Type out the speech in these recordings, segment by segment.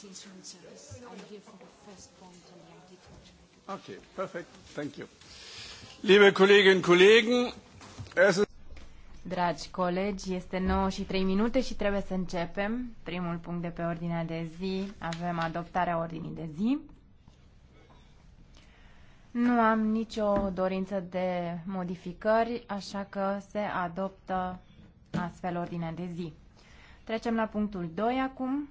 Since Human Service. I'm here for the first point on the ID culture. Okay, perfect. Thank you. Liebe Kolleginnen und Kollegen, es ist Dragi colegi, este 9 și 3 minute și trebuie să începem. Primul punct de pe ordinea de zi, avem adoptarea ordinii de zi. Nu am nicio dorință de modificări, așa că se adoptă astfel ordinea de zi. Trecem la punctul 2 acum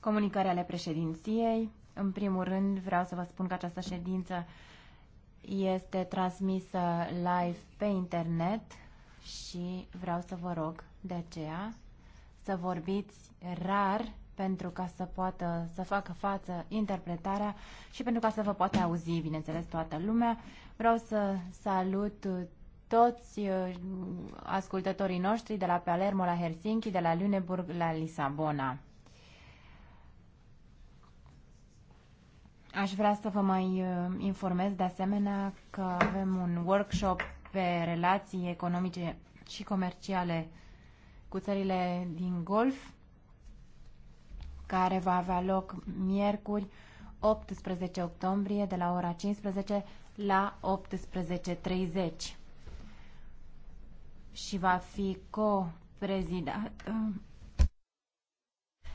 comunicări ale președinției. În primul rând, vreau să vă spun că această ședință este transmisă live pe internet și vreau să vă rog de aceea să vorbiți rar pentru ca să poată să facă față interpretarea și pentru ca să vă poată auzi, bineînțeles, toată lumea. Vreau să salut toți uh, ascultătorii noștri de la Palermo la Helsinki, de la Lüneburg la Lisabona. Aș vrea să vă mai uh, informez de asemenea că avem un workshop pe relații economice și comerciale cu țările din Golf, care va avea loc miercuri 18 octombrie de la ora 15 la 18.30 și va fi co prezidat uh,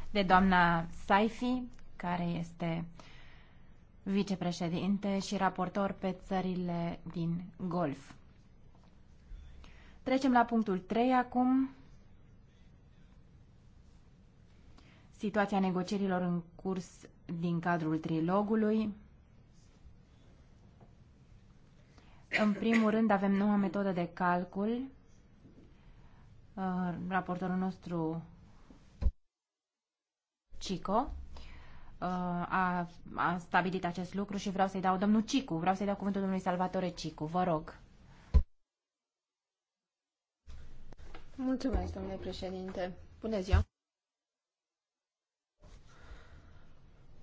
de doamna Saifi, care este uh, vicepreședinte și raportor pe țările din Golf. Trecem la punctul 3 acum. Situația negocierilor în curs din cadrul trilogului. În primul rând avem noua metodă de calcul. Uh, raportorul nostru Cico a, a stabilit acest lucru și vreau să-i dau domnul Cicu, vreau să-i dau cuvântul domnului Salvatore Cicu, vă rog. Mulțumesc, domnule președinte. Bună ziua!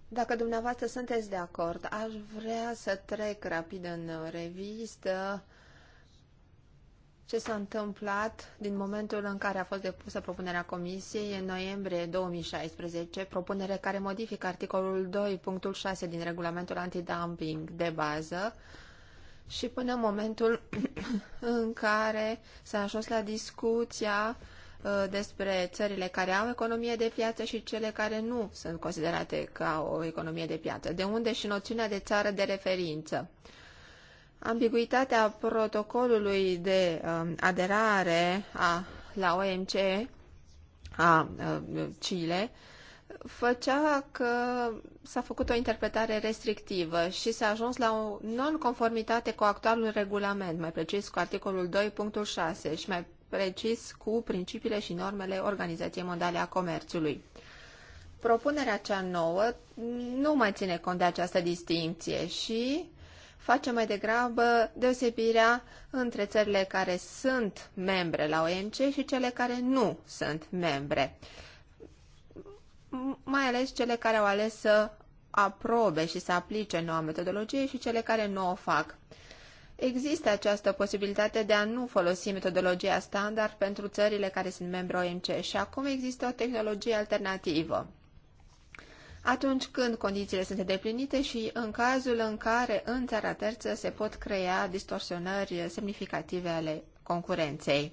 Dacă dumneavoastră sunteți de acord, aș vrea să trec rapid în revistă ce s-a întâmplat din momentul în care a fost depusă propunerea Comisiei în noiembrie 2016, propunere care modifică articolul 2.6 din regulamentul antidumping de bază și până în momentul în care s-a ajuns la discuția uh, despre țările care au economie de piață și cele care nu sunt considerate ca o economie de piață, de unde și noțiunea de țară de referință. Ambiguitatea protocolului de uh, aderare a, la OMC a uh, Chile făcea că s-a făcut o interpretare restrictivă și s-a ajuns la o non-conformitate cu actualul regulament, mai precis cu articolul 2.6 și mai precis cu principiile și normele Organizației Mondiale a Comerțului. Propunerea cea nouă nu mai ține cont de această distinție și face mai degrabă deosebirea între țările care sunt membre la OMC și cele care nu sunt membre. Mai ales cele care au ales să aprobe și să aplice noua metodologie și cele care nu o fac. Există această posibilitate de a nu folosi metodologia standard pentru țările care sunt membre OMC și acum există o tehnologie alternativă atunci când condițiile sunt îndeplinite și în cazul în care în țara terță se pot crea distorsionări semnificative ale concurenței.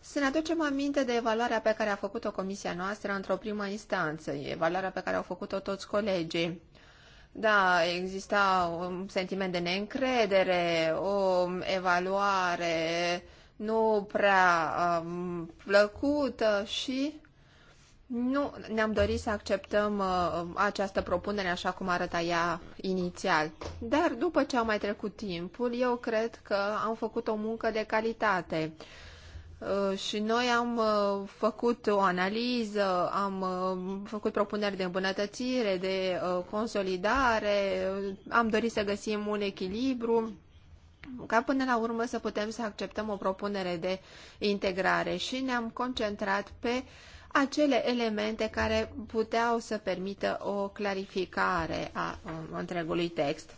Să ne aducem aminte de evaluarea pe care a făcut-o comisia noastră într-o primă instanță, evaluarea pe care au făcut-o toți colegii. Da, exista un sentiment de neîncredere, o evaluare nu prea um, plăcută și nu ne-am dorit să acceptăm uh, această propunere așa cum arăta ea inițial. Dar după ce a mai trecut timpul, eu cred că am făcut o muncă de calitate. Uh, și noi am uh, făcut o analiză, am uh, făcut propuneri de îmbunătățire, de uh, consolidare, uh, am dorit să găsim un echilibru ca până la urmă să putem să acceptăm o propunere de integrare și ne-am concentrat pe uh, acele elemente care puteau să permită o clarificare a întregului text.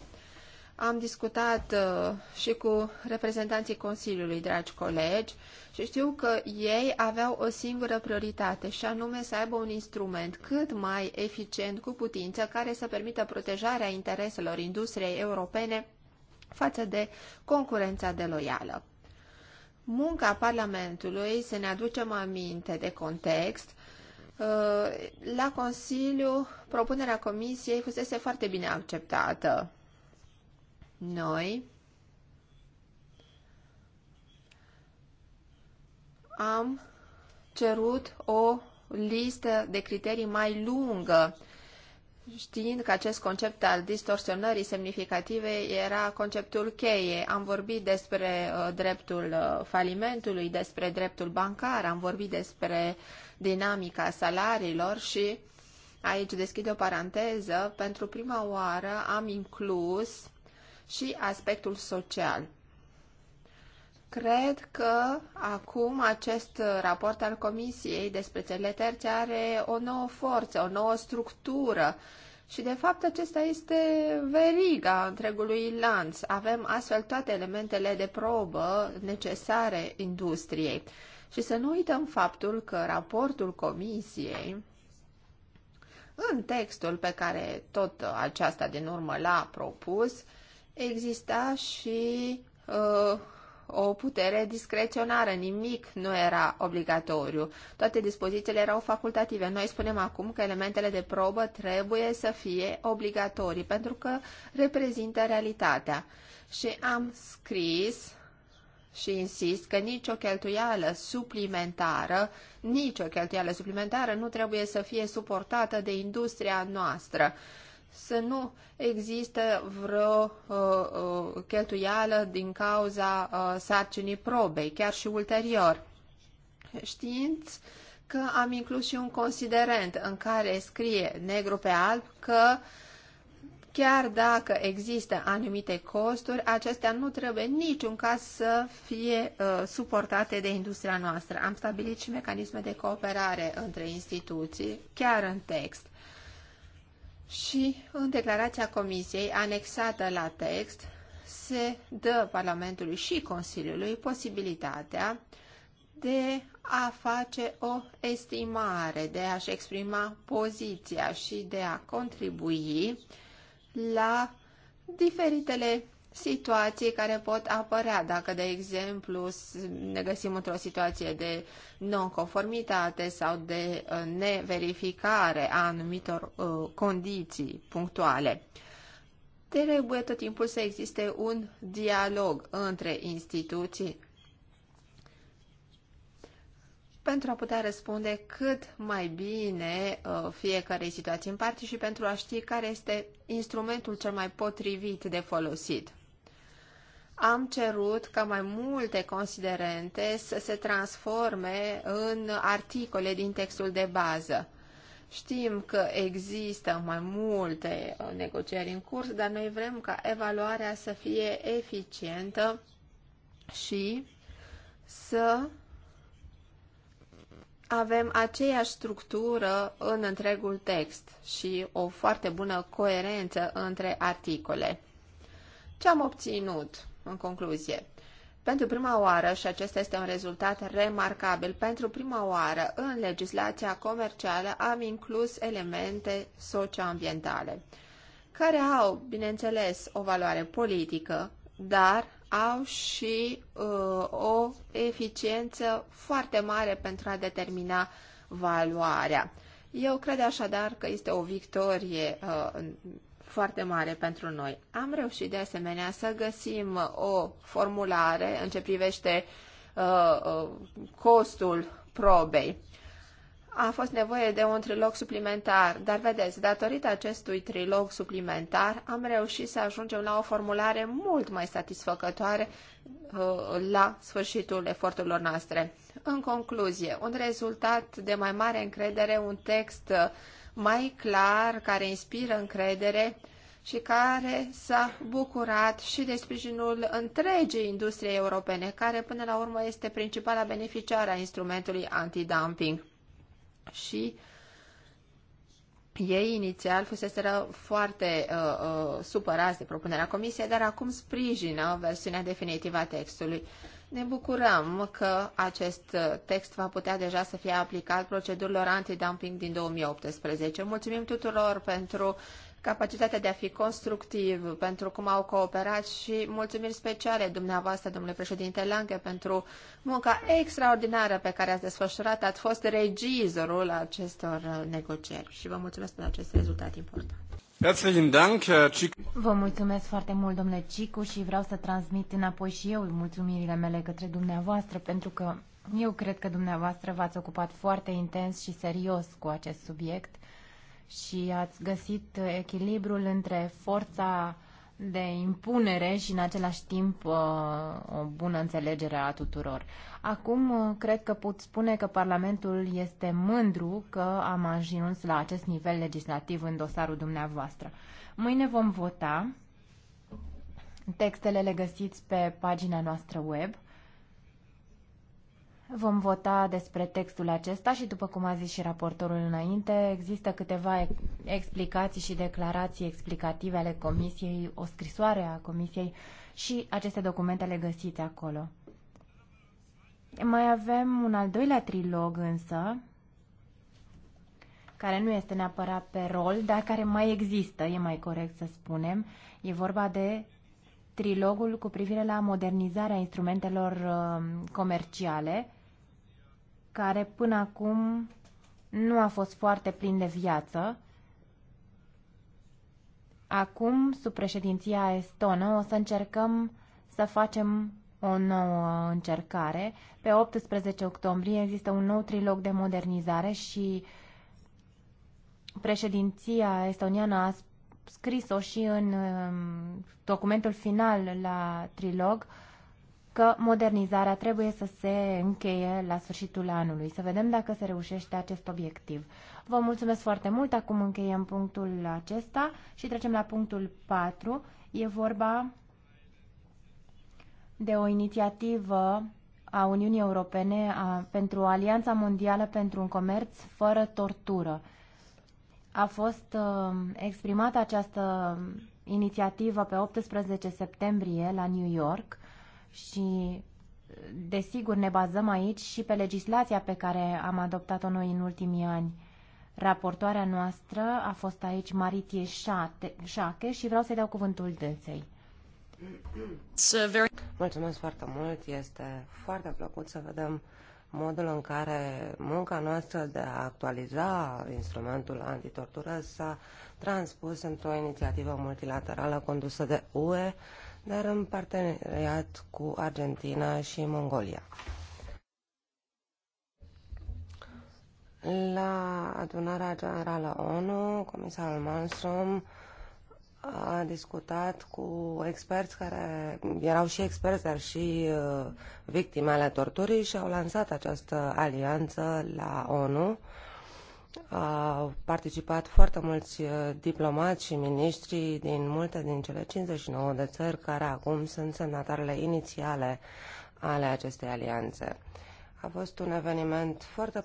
Am discutat uh, și cu reprezentanții Consiliului, dragi colegi, și știu că ei aveau o singură prioritate, și anume să aibă un instrument cât mai eficient cu putință care să permită protejarea intereselor industriei europene față de concurența deloială munca Parlamentului să ne aducem aminte de context. Uh, la Consiliu, propunerea Comisiei fusese foarte bine acceptată. Noi am cerut o listă de criterii mai lungă știind că acest concept al distorsionării semnificative era conceptul cheie. Am vorbit despre uh, dreptul uh, falimentului, despre dreptul bancar, am vorbit despre dinamica salariilor și aici deschid o paranteză, pentru prima oară am inclus și aspectul social. Cred că acum acest raport al Comisiei despre cele terțe are o nouă forță, o nouă structură și, de fapt, acesta este veriga întregului lanț. Avem astfel toate elementele de probă necesare industriei. Și să nu uităm faptul că raportul comisiei, în textul pe care tot aceasta din urmă l-a propus, exista și uh, o putere discreționară, nimic nu era obligatoriu. Toate dispozițiile erau facultative. Noi spunem acum că elementele de probă trebuie să fie obligatorii, pentru că reprezintă realitatea. Și am scris și insist că nicio cheltuială suplimentară, nicio cheltuială suplimentară nu trebuie să fie suportată de industria noastră. Uh, să nu existe vreo uh, uh, cheltuială din cauza uh, sarcinii probei, chiar și ulterior. Știind că am inclus și un considerent în care scrie negru pe alb că chiar dacă există anumite costuri, acestea nu trebuie niciun caz să fie uh, suportate de industria noastră. Am stabilit și mecanisme de cooperare între instituții, chiar în text. Și în declarația Comisiei anexată la text se dă Parlamentului și Consiliului posibilitatea de a face o estimare, de a-și exprima poziția și de a contribui la diferitele situații care pot apărea. Dacă, de exemplu, ne găsim într-o situație de nonconformitate sau de uh, neverificare a anumitor uh, condiții punctuale, trebuie tot timpul să existe un dialog între instituții pentru a putea răspunde cât mai bine uh, situație în parte și pentru a ști care este instrumentul cel mai potrivit de folosit am cerut ca mai multe considerente să se transforme în articole din textul de bază. Știm că există mai multe uh, negocieri în curs, dar noi vrem ca evaluarea să fie eficientă și să avem aceeași structură în întregul text și o foarte bună coerență între articole. Ce am obținut? în concluzie. Pentru prima oară, și acesta este un rezultat remarcabil, pentru prima oară în legislația comercială am inclus elemente socioambientale, care au, bineînțeles, o valoare politică, dar au și uh, o eficiență foarte mare pentru a determina valoarea. Eu cred așadar că este o victorie uh, foarte mare pentru noi. Am reușit de asemenea să găsim o formulare în ce privește uh, uh, costul probei. A fost nevoie de un trilog suplimentar, dar vedeți, datorită acestui trilog suplimentar am reușit să ajungem la o formulare mult mai satisfăcătoare uh, la sfârșitul eforturilor noastre. În concluzie, un rezultat de mai mare încredere, un text uh, mai clar, care inspiră încredere și care s-a bucurat și de sprijinul întregii industriei europene, care până la urmă este principala beneficiară a instrumentului antidumping. Și ei inițial fusese foarte uh, uh, supărați de propunerea comisiei, dar acum sprijină versiunea definitivă a textului. Ne bucurăm că acest text va putea deja să fie aplicat procedurilor antidumping din 2018. Mulțumim tuturor pentru capacitatea de a fi constructiv, pentru cum au cooperat și mulțumiri speciale dumneavoastră, domnule președinte Lange, pentru munca extraordinară pe care ați desfășurat. Ați fost regizorul acestor negocieri și vă mulțumesc pentru acest rezultat important. Vă mulțumesc foarte mult, domnule Cicu, și vreau să transmit înapoi și eu mulțumirile mele către dumneavoastră, pentru că eu cred că dumneavoastră v-ați ocupat foarte intens și serios cu acest subiect și ați găsit echilibrul între forța de impunere și în același timp uh, o bună înțelegere a tuturor. Acum uh, cred că pot spune că Parlamentul este mândru că am ajuns la acest nivel legislativ în dosarul dumneavoastră. Mâine vom vota. Textele le găsiți pe pagina noastră web. Vom vota despre textul acesta și, după cum a zis și raportorul înainte, există câteva explicații și declarații explicative ale Comisiei, o scrisoare a Comisiei și aceste documente le găsiți acolo. Mai avem un al doilea trilog însă, care nu este neapărat pe rol, dar care mai există, e mai corect să spunem. E vorba de trilogul cu privire la modernizarea instrumentelor uh, comerciale care până acum nu a fost foarte plin de viață. Acum, sub președinția estonă, o să încercăm să facem o nouă încercare. Pe 18 octombrie există un nou trilog de modernizare și președinția estoniană a scris-o și în um, documentul final la trilog că modernizarea trebuie să se încheie la sfârșitul anului. Să vedem dacă se reușește acest obiectiv. Vă mulțumesc foarte mult. Acum încheiem punctul acesta și trecem la punctul 4. E vorba de o inițiativă a Uniunii Europene a, pentru Alianța Mondială pentru un Comerț fără tortură. A fost uh, exprimată această inițiativă pe 18 septembrie la New York și desigur ne bazăm aici și pe legislația pe care am adoptat-o noi în ultimii ani. Raportoarea noastră a fost aici Maritie Șache și vreau să-i dau cuvântul dânsei. Uh, Mulțumesc foarte mult, este foarte plăcut să vedem modul în care munca noastră de a actualiza instrumentul antitortură s-a transpus într-o inițiativă multilaterală condusă de UE dar în parteneriat cu Argentina și Mongolia. La adunarea generală ONU, comisarul Malmström a discutat cu experți care erau și experți, dar și uh, victime ale torturii și au lansat această alianță la ONU au participat foarte mulți uh, diplomați și miniștri din multe din cele 59 de țări care acum sunt semnatarele inițiale ale acestei alianțe. A fost un eveniment foarte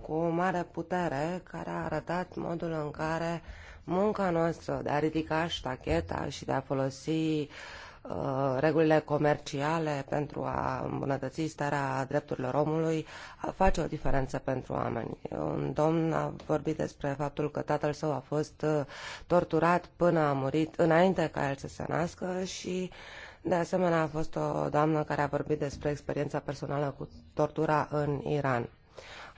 cu o mare putere care a arătat modul în care munca noastră de a ridica ștacheta și de a folosi uh, Uh, regulile comerciale pentru a îmbunătăți starea drepturilor omului face o diferență pentru oameni. Un domn a vorbit despre faptul că tatăl său a fost uh, torturat până a murit, înainte ca el să se nască și de asemenea a fost o doamnă care a vorbit despre experiența personală cu tortura în Iran.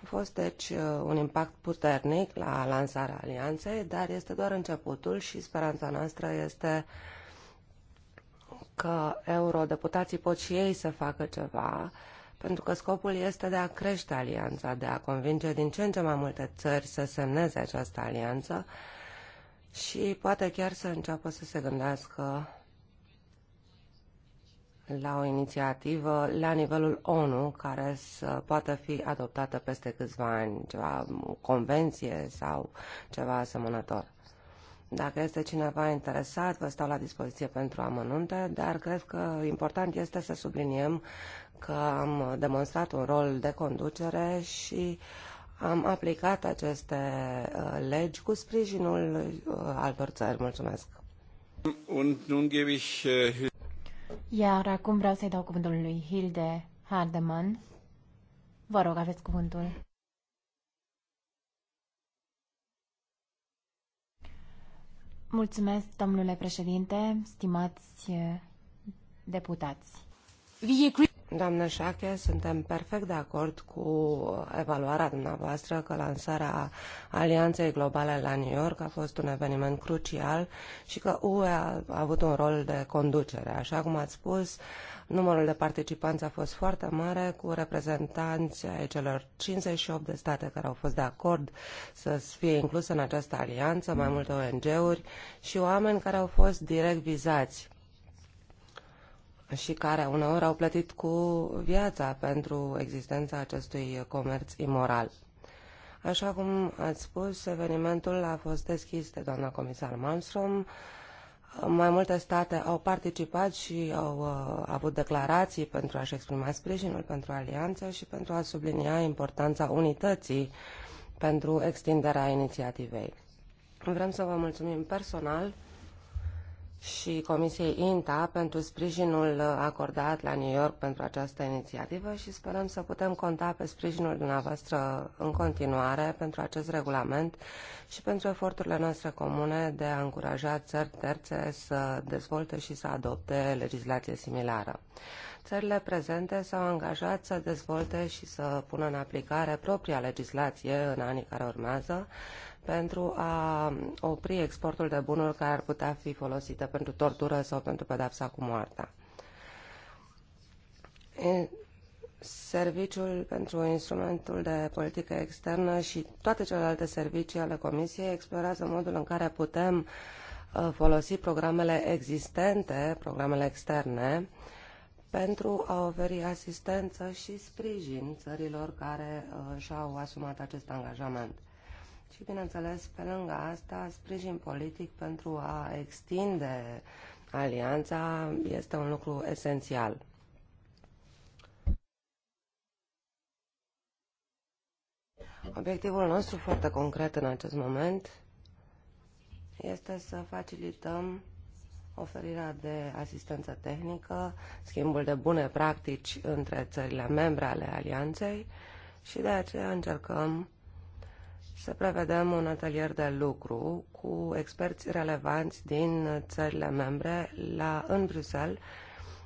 A fost, deci, uh, un impact puternic la lansarea alianței, dar este doar începutul și speranța noastră este uh, că eurodeputații pot și ei să facă ceva, pentru că scopul este de a crește alianța, de a convinge din ce în ce mai multe țări să semneze această alianță și poate chiar să înceapă să se gândească la o inițiativă la nivelul ONU care să poată fi adoptată peste câțiva ani, ceva o convenție sau ceva asemănător. Dacă este cineva interesat, vă stau la dispoziție pentru amănunte, dar cred că important este să subliniem că am demonstrat un rol de conducere și am aplicat aceste uh, legi cu sprijinul uh, altor țări. Mulțumesc! Uh, Iar acum vreau să-i dau cuvântul lui Hilde Hardeman. Vă rog, aveți cuvântul. Mulțumesc, domnule președinte, stimați eh, deputați. Doamnă Șache, suntem perfect de acord cu evaluarea dumneavoastră că lansarea Alianței Globale la New York a fost un eveniment crucial și că UE a avut un rol de conducere. Așa cum ați spus, numărul de participanți a fost foarte mare, cu reprezentanți ai celor 58 de state care au fost de acord să fie incluse în această alianță, mai multe ONG-uri și oameni care au fost direct vizați și care uneori au plătit cu viața pentru existența acestui comerț imoral. Așa cum ați spus, evenimentul a fost deschis de doamna comisar Malmström. Mai multe state au participat și au uh, avut declarații pentru a-și exprima sprijinul pentru alianță și pentru a sublinia importanța unității pentru extinderea inițiativei. Vrem să vă mulțumim personal și Comisiei INTA pentru sprijinul acordat la New York pentru această inițiativă și sperăm să putem conta pe sprijinul dumneavoastră în continuare pentru acest regulament și pentru eforturile noastre comune de a încuraja țări terțe să dezvolte și să adopte legislație similară. Țările prezente s-au angajat să dezvolte și să pună în aplicare propria legislație în anii care urmează, pentru a opri exportul de bunuri care ar putea fi folosite pentru tortură sau pentru pedapsa cu moartea. Serviciul pentru instrumentul de politică externă și toate celelalte servicii ale Comisiei explorează modul în care putem uh, folosi programele existente, programele externe, pentru a oferi asistență și sprijin țărilor care uh, și-au asumat acest angajament și, bineînțeles, pe lângă asta, sprijin politic pentru a extinde alianța este un lucru esențial. Obiectivul nostru foarte concret în acest moment este să facilităm oferirea de asistență tehnică, schimbul de bune practici între țările membre ale alianței și de aceea încercăm să prevedem un atelier de lucru cu experți relevanți din țările membre la, în Bruxelles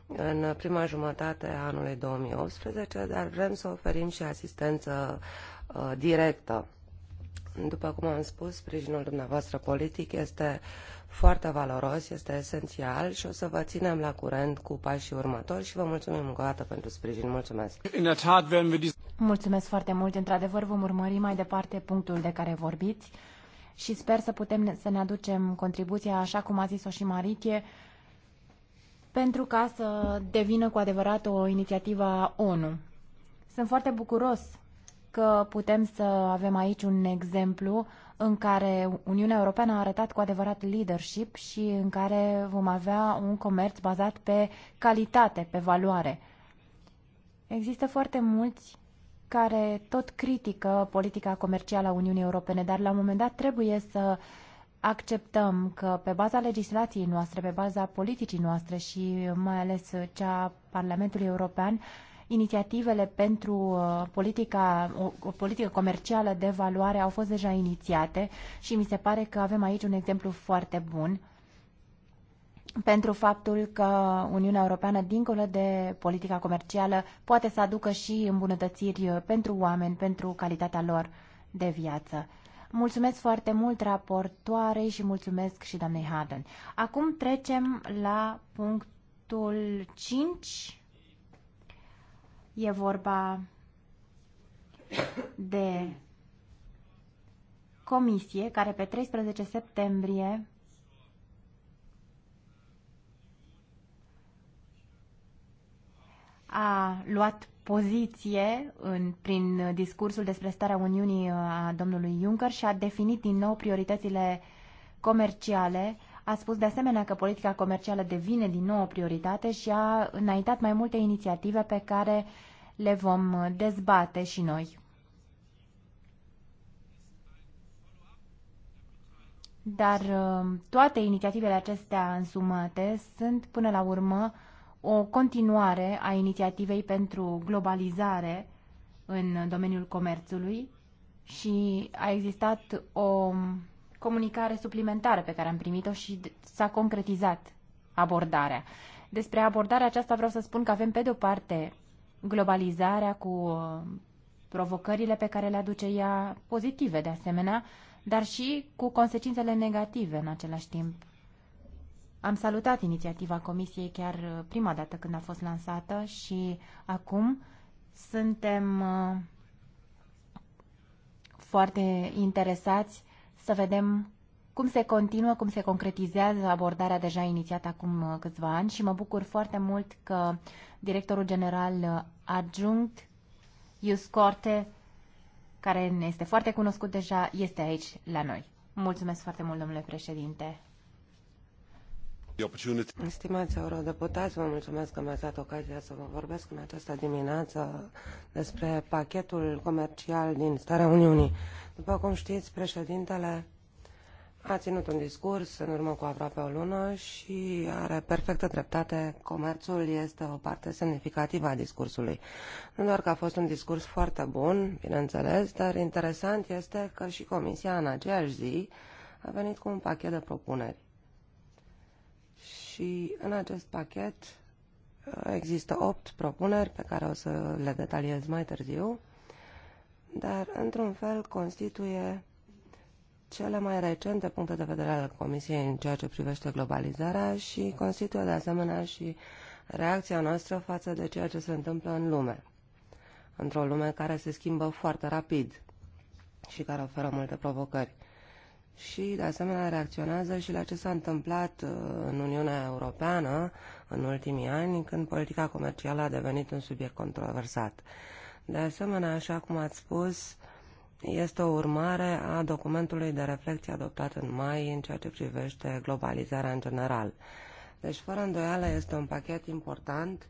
în prima jumătate a anului 2018, dar vrem să oferim și asistență uh, directă. După cum am spus, sprijinul dumneavoastră politic este foarte valoros, este esențial și o să vă ținem la curent cu pașii următori și vă mulțumim încă o dată pentru sprijin. Mulțumesc! Mulțumesc foarte mult. Într-adevăr, vom urmări mai departe punctul de care vorbiți și sper să putem să ne aducem contribuția, așa cum a zis-o și Maritie, pentru ca să devină cu adevărat o inițiativă a ONU. Sunt foarte bucuros că putem să avem aici un exemplu în care Uniunea Europeană a arătat cu adevărat leadership și în care vom avea un comerț bazat pe calitate, pe valoare. Există foarte mulți care tot critică politica comercială a Uniunii Europene, dar la un moment dat trebuie să acceptăm că pe baza legislației noastre, pe baza politicii noastre și mai ales cea a Parlamentului European, inițiativele pentru uh, politica, o, o politică comercială de valoare au fost deja inițiate și mi se pare că avem aici un exemplu foarte bun pentru faptul că Uniunea Europeană, dincolo de politica comercială, poate să aducă și îmbunătățiri pentru oameni, pentru calitatea lor de viață. Mulțumesc foarte mult raportoarei și mulțumesc și doamnei Haden. Acum trecem la punctul 5. E vorba de comisie care pe 13 septembrie a luat poziție în, prin discursul despre starea Uniunii uh, a domnului Juncker și a definit din nou prioritățile comerciale. A spus de asemenea că politica comercială devine din nou o prioritate și a înaintat mai multe inițiative pe care le vom uh, dezbate și noi. Dar uh, toate inițiativele acestea însumate sunt până la urmă o continuare a inițiativei pentru globalizare în domeniul comerțului și a existat o comunicare suplimentară pe care am primit-o și s-a concretizat abordarea. Despre abordarea aceasta vreau să spun că avem pe de o parte globalizarea cu uh, provocările pe care le aduce ea pozitive de asemenea, dar și cu consecințele negative în același timp am salutat inițiativa Comisiei chiar uh, prima dată când a fost lansată și acum suntem uh, foarte interesați să vedem cum se continuă, cum se concretizează abordarea deja inițiată acum uh, câțiva ani și mă bucur foarte mult că directorul general adjunct Ius Corte, care ne este foarte cunoscut deja, este aici la noi. Mulțumesc foarte mult, domnule președinte. Stimați eurodeputați, vă mulțumesc că mi-ați dat ocazia să vă vorbesc în această dimineață despre pachetul comercial din starea Uniunii. După cum știți, președintele a ținut un discurs în urmă cu aproape o lună și are perfectă dreptate. Comerțul este o parte semnificativă a discursului. Nu doar că a fost un discurs foarte bun, bineînțeles, dar interesant este că și Comisia în aceeași zi a venit cu un pachet de propuneri și în acest pachet uh, există opt propuneri pe care o să le detaliez mai târziu, dar într-un fel constituie cele mai recente puncte de vedere ale Comisiei în ceea ce privește globalizarea și constituie de asemenea și reacția noastră față de ceea ce se întâmplă în lume. Într-o lume care se schimbă foarte rapid și care oferă multe provocări și, de asemenea, reacționează și la ce s-a întâmplat uh, în Uniunea Europeană în ultimii ani, când politica comercială a devenit un subiect controversat. De asemenea, așa cum ați spus, este o urmare a documentului de reflecție adoptat în mai în ceea ce privește globalizarea în general. Deci, fără îndoială, este un pachet important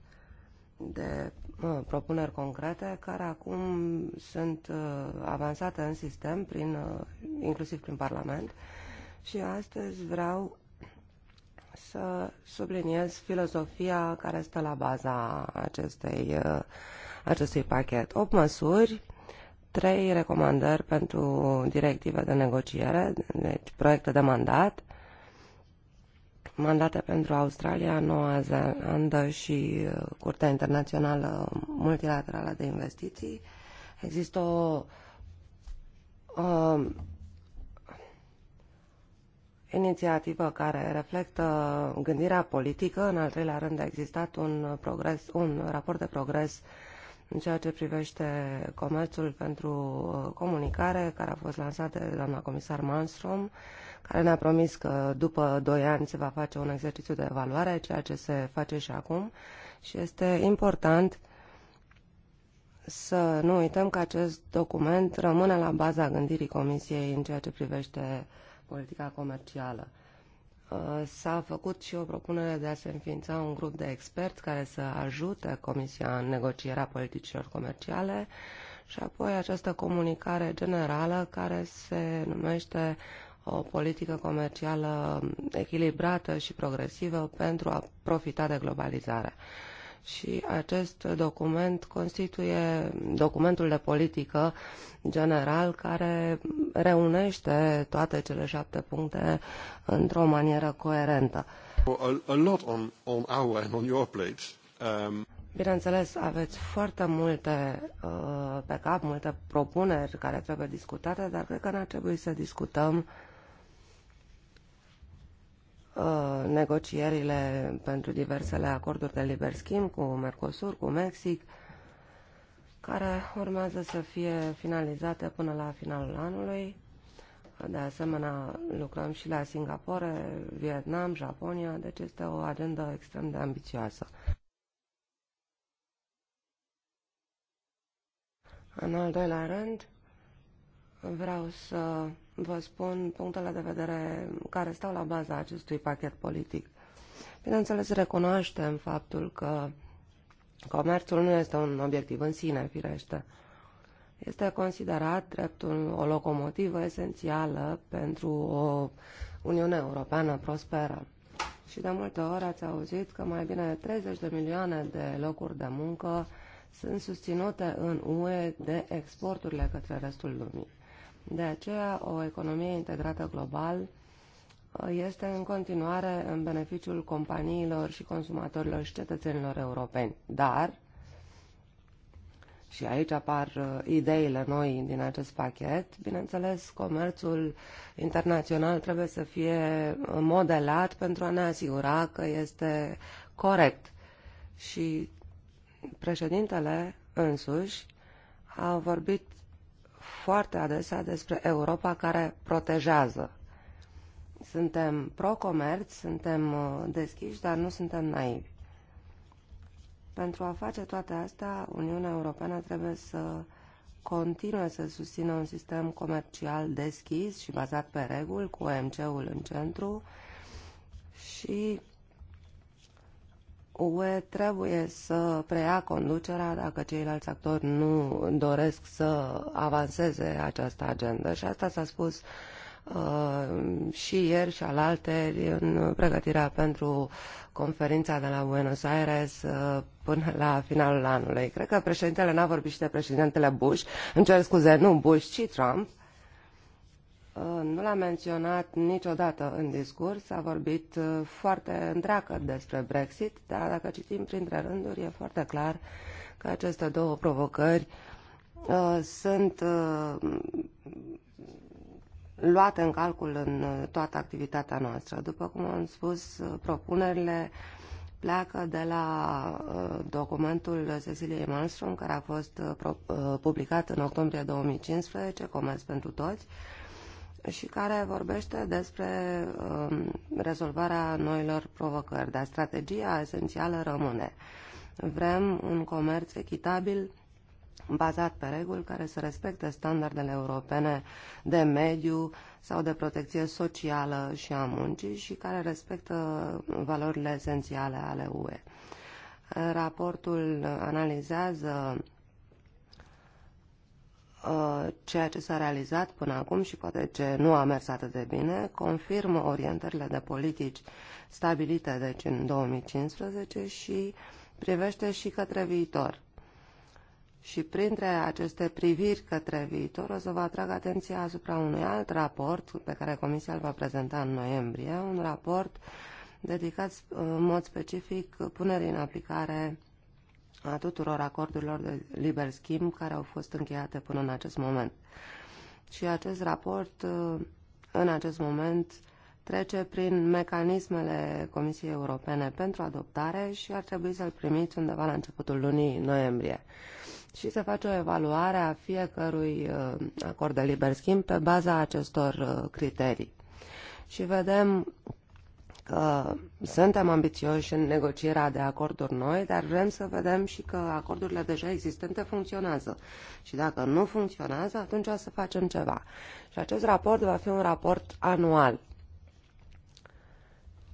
de uh, propuneri concrete care acum sunt uh, avansate în sistem, prin, uh, inclusiv prin Parlament. Și astăzi vreau să subliniez filozofia care stă la baza acestei, uh, acestui pachet. 8 măsuri, 3 recomandări pentru directive de negociere, deci proiecte de mandat, mandate pentru Australia, Noua Zeelandă și uh, Curtea Internațională Multilaterală de Investiții. Există o uh, inițiativă care reflectă gândirea politică. În al treilea rând a existat un, progres, un raport de progres în ceea ce privește comerțul pentru uh, comunicare, care a fost lansat de doamna comisar Malmström care ne-a promis că după 2 ani se va face un exercițiu de evaluare, ceea ce se face și acum. Și este important să nu uităm că acest document rămâne la baza gândirii Comisiei în ceea ce privește politica comercială. Uh, s-a făcut și o propunere de a se înființa un grup de experți care să ajute Comisia în negocierea politicilor comerciale și apoi această comunicare generală care se numește o politică comercială echilibrată și progresivă pentru a profita de globalizare. Și acest document constituie documentul de politică general care reunește toate cele șapte puncte într-o manieră coerentă. Um, Bineînțeles, aveți foarte multe uh, pe cap, multe propuneri care trebuie discutate, dar cred că n-ar trebui să discutăm uh, Uh, negocierile pentru diversele acorduri de liber schimb cu Mercosur, cu Mexic, care urmează să fie finalizate până la finalul anului. De asemenea, lucrăm și la Singapore, Vietnam, Japonia, deci este o agendă extrem de ambițioasă. În al doilea rând, vreau să vă spun punctele de vedere care stau la baza acestui pachet politic. Bineînțeles, recunoaștem faptul că comerțul nu este un obiectiv în sine, firește. Este considerat drept un, o locomotivă esențială pentru o Uniune Europeană prosperă. Și de multe ori ați auzit că mai bine 30 de milioane de locuri de muncă sunt susținute în UE de exporturile către restul lumii. De aceea, o economie integrată global uh, este în continuare în beneficiul companiilor și consumatorilor și cetățenilor europeni. Dar, și aici apar uh, ideile noi din acest pachet, bineînțeles, comerțul internațional trebuie să fie uh, modelat pentru a ne asigura că este corect. Și președintele însuși a vorbit foarte adesea despre Europa care protejează. Suntem pro-comerț, suntem uh, deschiși, dar nu suntem naivi. Pentru a face toate astea, Uniunea Europeană trebuie să continue să susțină un sistem comercial deschis și bazat pe reguli, cu OMC-ul în centru și UE trebuie să preia conducerea dacă ceilalți actori nu doresc să avanseze această agendă. Și asta s-a spus uh, și ieri și alalteri în pregătirea pentru conferința de la Buenos Aires uh, până la finalul anului. Cred că președintele n-a vorbit și de președintele Bush, îmi cer scuze, nu Bush, ci Trump, uh, Uh, nu l-a menționat niciodată în discurs, a vorbit uh, foarte întreagă despre Brexit, dar dacă citim printre rânduri e foarte clar că aceste două provocări uh, sunt luate în calcul în toată activitatea noastră. După cum am spus, propunerile pleacă de la documentul Ceciliei Malmström, care a fost publicat în octombrie 2015, Comerț pentru toți, și care vorbește despre um, rezolvarea noilor provocări, dar strategia esențială rămâne. Vrem un comerț echitabil bazat pe reguli care să respecte standardele europene de mediu sau de protecție socială și a muncii și care respectă valorile esențiale ale UE. Raportul analizează Uh, ceea ce s-a realizat până acum și poate ce nu a mers atât de bine confirmă orientările de politici stabilite deci în 2015 și privește și către viitor. Și printre aceste priviri către viitor o să vă atrag atenția asupra unui alt raport pe care Comisia îl va prezenta în noiembrie, un raport dedicat uh, în mod specific punerii în aplicare a tuturor acordurilor de liber schimb care au fost încheiate până în acest moment. Și acest raport, uh, în acest moment, trece prin mecanismele Comisiei Europene pentru adoptare și ar trebui să-l primiți undeva la începutul lunii noiembrie. Și se face o evaluare a fiecărui uh, acord de liber schimb pe baza acestor uh, criterii. Și vedem că suntem ambițioși în negocierea de acorduri noi, dar vrem să vedem și că acordurile deja existente funcționează. Și dacă nu funcționează, atunci o să facem ceva. Și acest raport va fi un raport anual.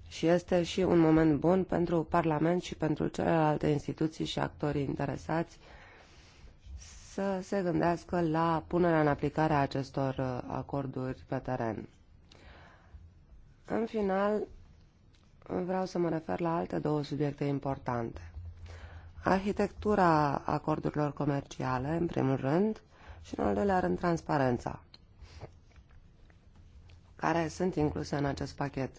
Și este și un moment bun pentru Parlament și pentru celelalte instituții și actorii interesați să se gândească la punerea în aplicare a acestor uh, acorduri pe teren. În final, vreau să mă refer la alte două subiecte importante. Arhitectura acordurilor comerciale, în primul rând, și în al doilea rând transparența, care sunt incluse în acest pachet.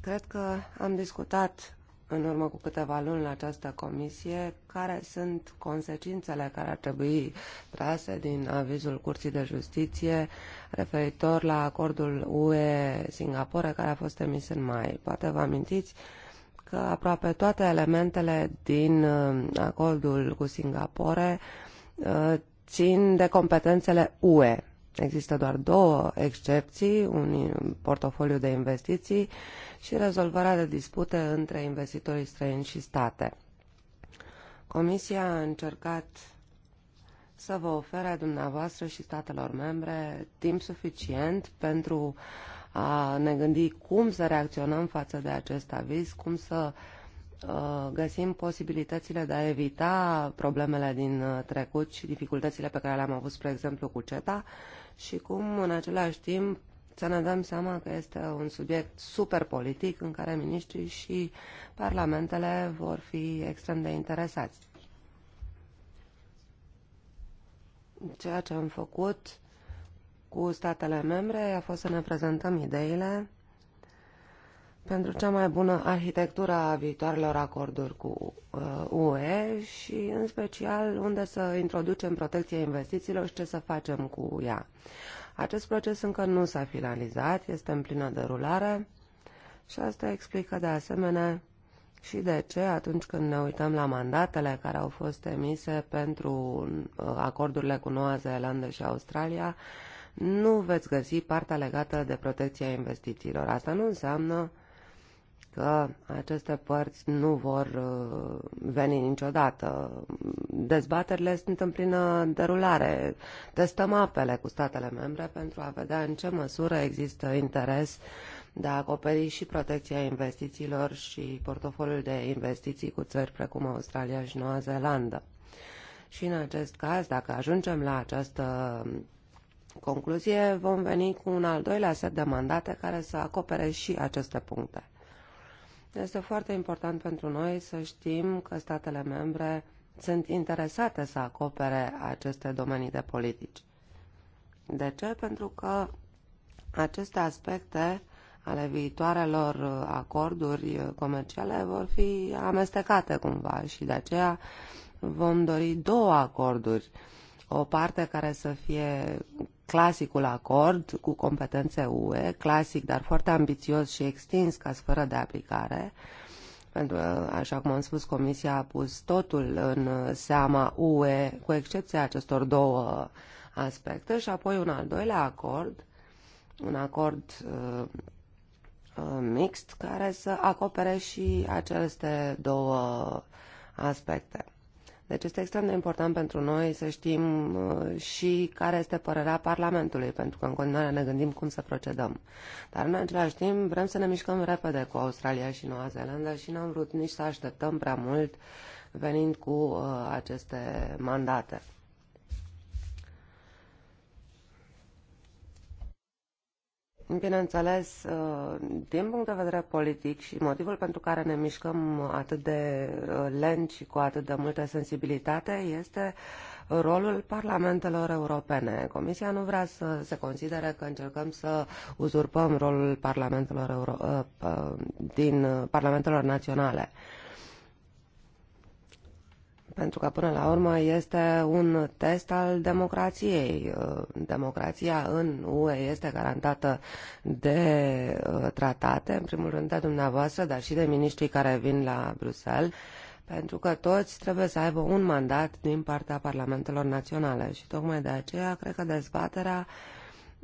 Cred că am discutat în urmă cu câteva luni la această comisie care sunt consecințele care ar trebui trase din avizul Curții de Justiție referitor la acordul UE-Singapore care a fost emis în mai. Poate vă amintiți că aproape toate elementele din uh, acordul cu Singapore uh, țin de competențele UE. Există doar două excepții, un portofoliu de investiții și rezolvarea de dispute între investitorii străini și state. Comisia a încercat să vă ofere dumneavoastră și statelor membre timp suficient pentru a ne gândi cum să reacționăm față de acest aviz, cum să uh, găsim posibilitățile de a evita problemele din uh, trecut și dificultățile pe care le-am avut, spre exemplu, cu CETA și cum, în același timp, să ne dăm seama că este un subiect super politic în care miniștrii și parlamentele vor fi extrem de interesați. Ceea ce am făcut cu statele membre a fost să ne prezentăm ideile pentru cea mai bună arhitectură a viitoarelor acorduri cu UE uh, și, în special, unde să introducem protecția investițiilor și ce să facem cu ea. Acest proces încă nu s-a finalizat, este în plină derulare și asta explică de asemenea și de ce atunci când ne uităm la mandatele care au fost emise pentru uh, acordurile cu Noua Zeelandă și Australia, nu veți găsi partea legată de protecția investițiilor. Asta nu înseamnă că aceste părți nu vor uh, veni niciodată. Dezbaterile sunt în plină derulare. Testăm apele cu statele membre pentru a vedea în ce măsură există interes de a acoperi și protecția investițiilor și portofoliul de investiții cu țări precum Australia și Noua Zeelandă. Și în acest caz, dacă ajungem la această concluzie, vom veni cu un al doilea set de mandate care să acopere și aceste puncte. Este foarte important pentru noi să știm că statele membre sunt interesate să acopere aceste domenii de politici. De ce? Pentru că aceste aspecte ale viitoarelor acorduri comerciale vor fi amestecate cumva și de aceea vom dori două acorduri uh, o parte care să fie clasicul acord cu competențe UE, clasic, dar foarte ambițios și extins ca sferă de aplicare, pentru că, așa cum am spus, Comisia a pus totul în seama UE, cu excepția acestor două aspecte, și apoi un al doilea acord, un acord uh, uh mixt care să acopere și aceste două aspecte. Deci este extrem de important pentru noi să știm uh, și care este părerea Parlamentului, pentru că în continuare ne gândim cum să procedăm. Dar în același timp vrem să ne mișcăm repede cu Australia și Noua Zeelandă și n-am vrut nici să așteptăm prea mult venind cu uh, aceste mandate. Bineînțeles, uh, din punct de vedere politic și motivul pentru care ne mișcăm atât de uh, lent și cu atât de multă sensibilitate este rolul parlamentelor europene. Comisia nu vrea să se considere că încercăm să uzurpăm rolul parlamentelor euro- uh, din parlamentelor naționale. Uh, pentru că până la urmă este un test al democrației. Uh, democrația în UE este garantată de uh, tratate, în primul rând de dumneavoastră, dar și de miniștrii care vin la Bruxelles, pentru că toți trebuie să aibă un mandat din partea parlamentelor naționale și tocmai de aceea cred că dezbaterea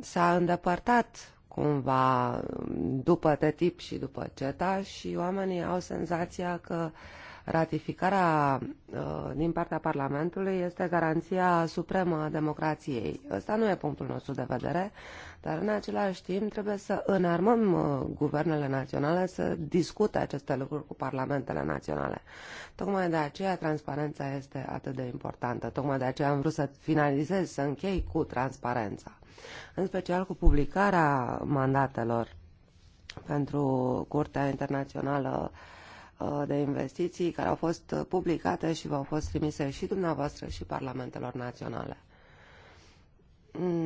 s-a îndepărtat cumva după TTIP și după CETA și oamenii au senzația că uh, Ratificarea uh, din partea Parlamentului este garanția supremă a democrației. Ăsta nu e punctul nostru de vedere, dar în același timp trebuie să înarmăm uh, guvernele naționale să discute aceste lucruri cu parlamentele naționale. Tocmai de aceea transparența este atât de importantă. Tocmai de aceea am vrut să finalizez, să închei cu transparența. În special cu publicarea mandatelor pentru Curtea Internațională uh, Uh, de investiții care au fost uh, publicate și v-au fost trimise și dumneavoastră și parlamentelor naționale.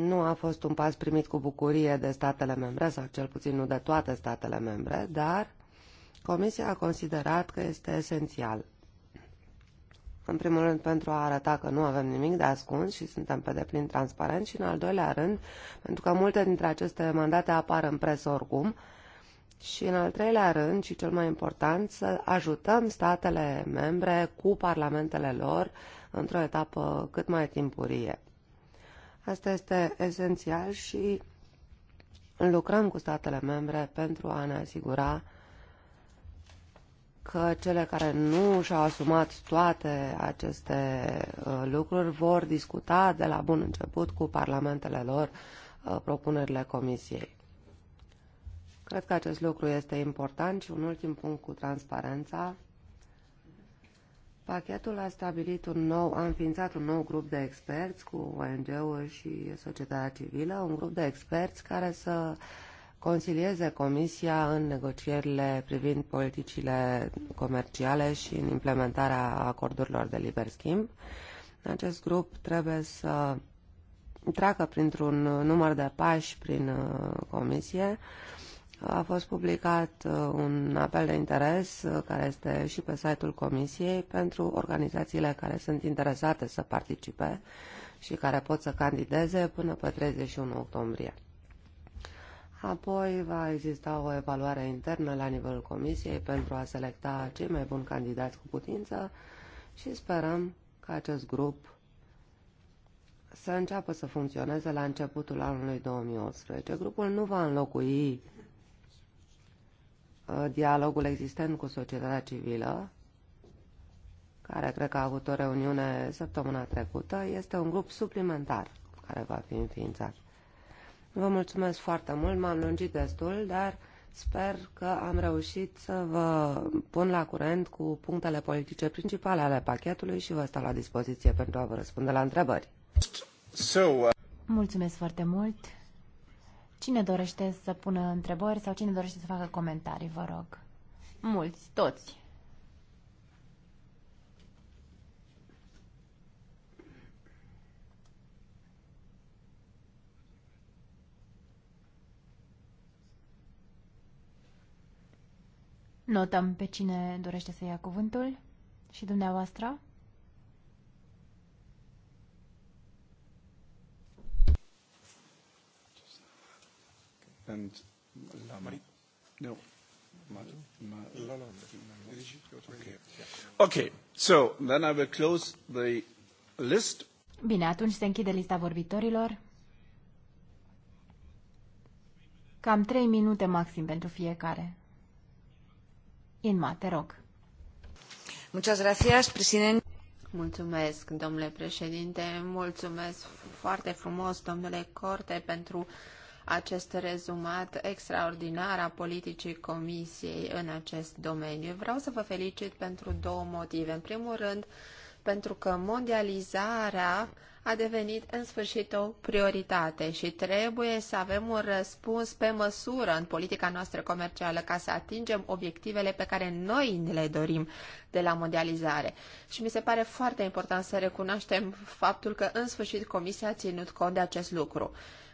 Nu a fost un pas primit cu bucurie de statele membre, sau cel puțin nu de toate statele membre, dar Comisia a considerat că este esențial. În primul rând pentru a arăta că nu avem nimic de ascuns și suntem pe deplin transparenți și în al doilea rând pentru că multe dintre aceste mandate apar în presă oricum, uh, și în al treilea rând, și cel mai important, să ajutăm statele membre cu parlamentele lor într-o etapă cât mai timpurie. Asta este esențial și lucrăm cu statele membre pentru a ne asigura că cele care nu și-au asumat toate aceste uh, lucruri vor discuta de la bun început cu parlamentele lor uh, propunerile comisiei. Cred că acest lucru este important și un ultim punct cu transparența. Pachetul a stabilit un nou, a înființat un nou grup de experți cu ONG-uri și societatea civilă, un grup de experți care să consilieze Comisia în negocierile privind politicile comerciale și în implementarea acordurilor de liber schimb. Acest grup trebuie să treacă printr-un număr de pași prin uh, Comisie a fost publicat uh, un apel de interes uh, care este și pe site-ul Comisiei pentru organizațiile care sunt interesate să participe și care pot să candideze până pe 31 octombrie. Apoi va exista o evaluare internă la nivelul Comisiei pentru a selecta cei mai buni candidați cu putință și sperăm ca acest grup să înceapă să funcționeze la începutul anului 2018. Grupul nu va înlocui Uh, dialogul existent cu societatea civilă, care cred că a avut o reuniune săptămâna trecută, este un grup suplimentar care va fi înființat. Vă mulțumesc foarte mult, m-am lungit destul, dar sper că am reușit să vă pun la curent cu punctele politice principale ale pachetului și vă stau la dispoziție pentru a vă răspunde la întrebări. So, uh... Mulțumesc foarte mult. Cine dorește să pună întrebări sau cine dorește să facă comentarii, vă rog? Mulți, toți. Notăm pe cine dorește să ia cuvântul și dumneavoastră. and Lama. No. Okay, so then I will close the list. Bine, atunci se închide lista vorbitorilor. Cam trei minute maxim pentru fiecare. Inma, te rog. Muchas gracias, presidente. Mulțumesc, domnule președinte. Mulțumesc foarte frumos, domnule Corte, pentru acest rezumat extraordinar a politicii Comisiei în acest domeniu. Vreau să vă felicit pentru două motive. În primul rând, pentru că mondializarea a devenit în sfârșit o prioritate și trebuie să avem un răspuns pe măsură în politica noastră comercială ca să atingem obiectivele pe care noi le dorim de la mondializare. Și mi se pare foarte important să recunoaștem faptul că în sfârșit Comisia a ținut cont de acest lucru.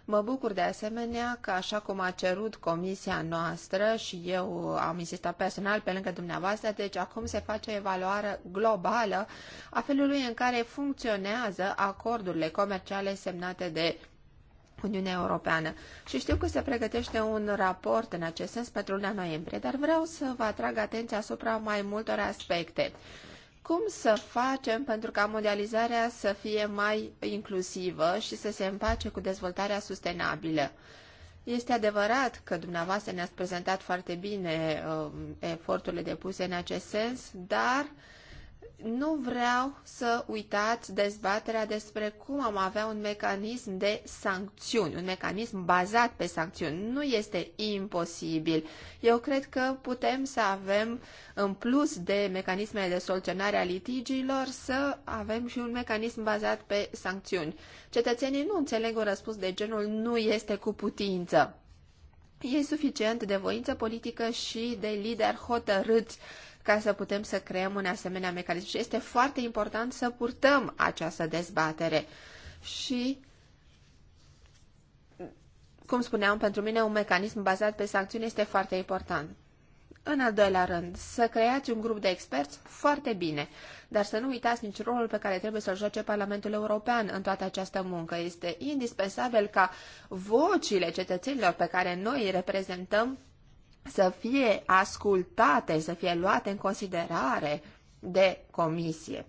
Mă bucur de asemenea că, așa cum a cerut comisia noastră și eu am insistat personal pe lângă dumneavoastră, deci acum se face o evaluare globală a felului în care funcționează acordurile comerciale semnate de Uniunea Europeană. Și știu că se pregătește un raport în acest sens pentru luna noiembrie, dar vreau să vă atrag atenția asupra mai multor aspecte. Cum să facem pentru ca mondializarea să fie mai inclusivă și să se împace cu dezvoltarea sustenabilă? Este adevărat că dumneavoastră ne-ați prezentat foarte bine uh, eforturile depuse în acest sens, dar uh, nu vreau să uitați dezbaterea despre cum am avea un mecanism de sancțiuni, un mecanism bazat pe sancțiuni. Nu este imposibil. Eu cred că putem să avem, în plus de mecanismele de soluționare a litigiilor, să avem și un mecanism bazat pe sancțiuni. Cetățenii nu înțeleg un răspuns de genul nu este cu putință. E suficient de voință politică și de lider hotărâți ca să putem să creăm un asemenea mecanism. Și este foarte important să purtăm această dezbatere. Și, cum spuneam, pentru mine un mecanism bazat pe sancțiuni este foarte important. În al doilea rând, să creați un grup de experți foarte bine, dar să nu uitați nici rolul pe care trebuie să-l joace Parlamentul European în toată această muncă. Este indispensabil ca vocile cetățenilor pe care noi îi reprezentăm să fie ascultate, să fie luate în considerare de comisie.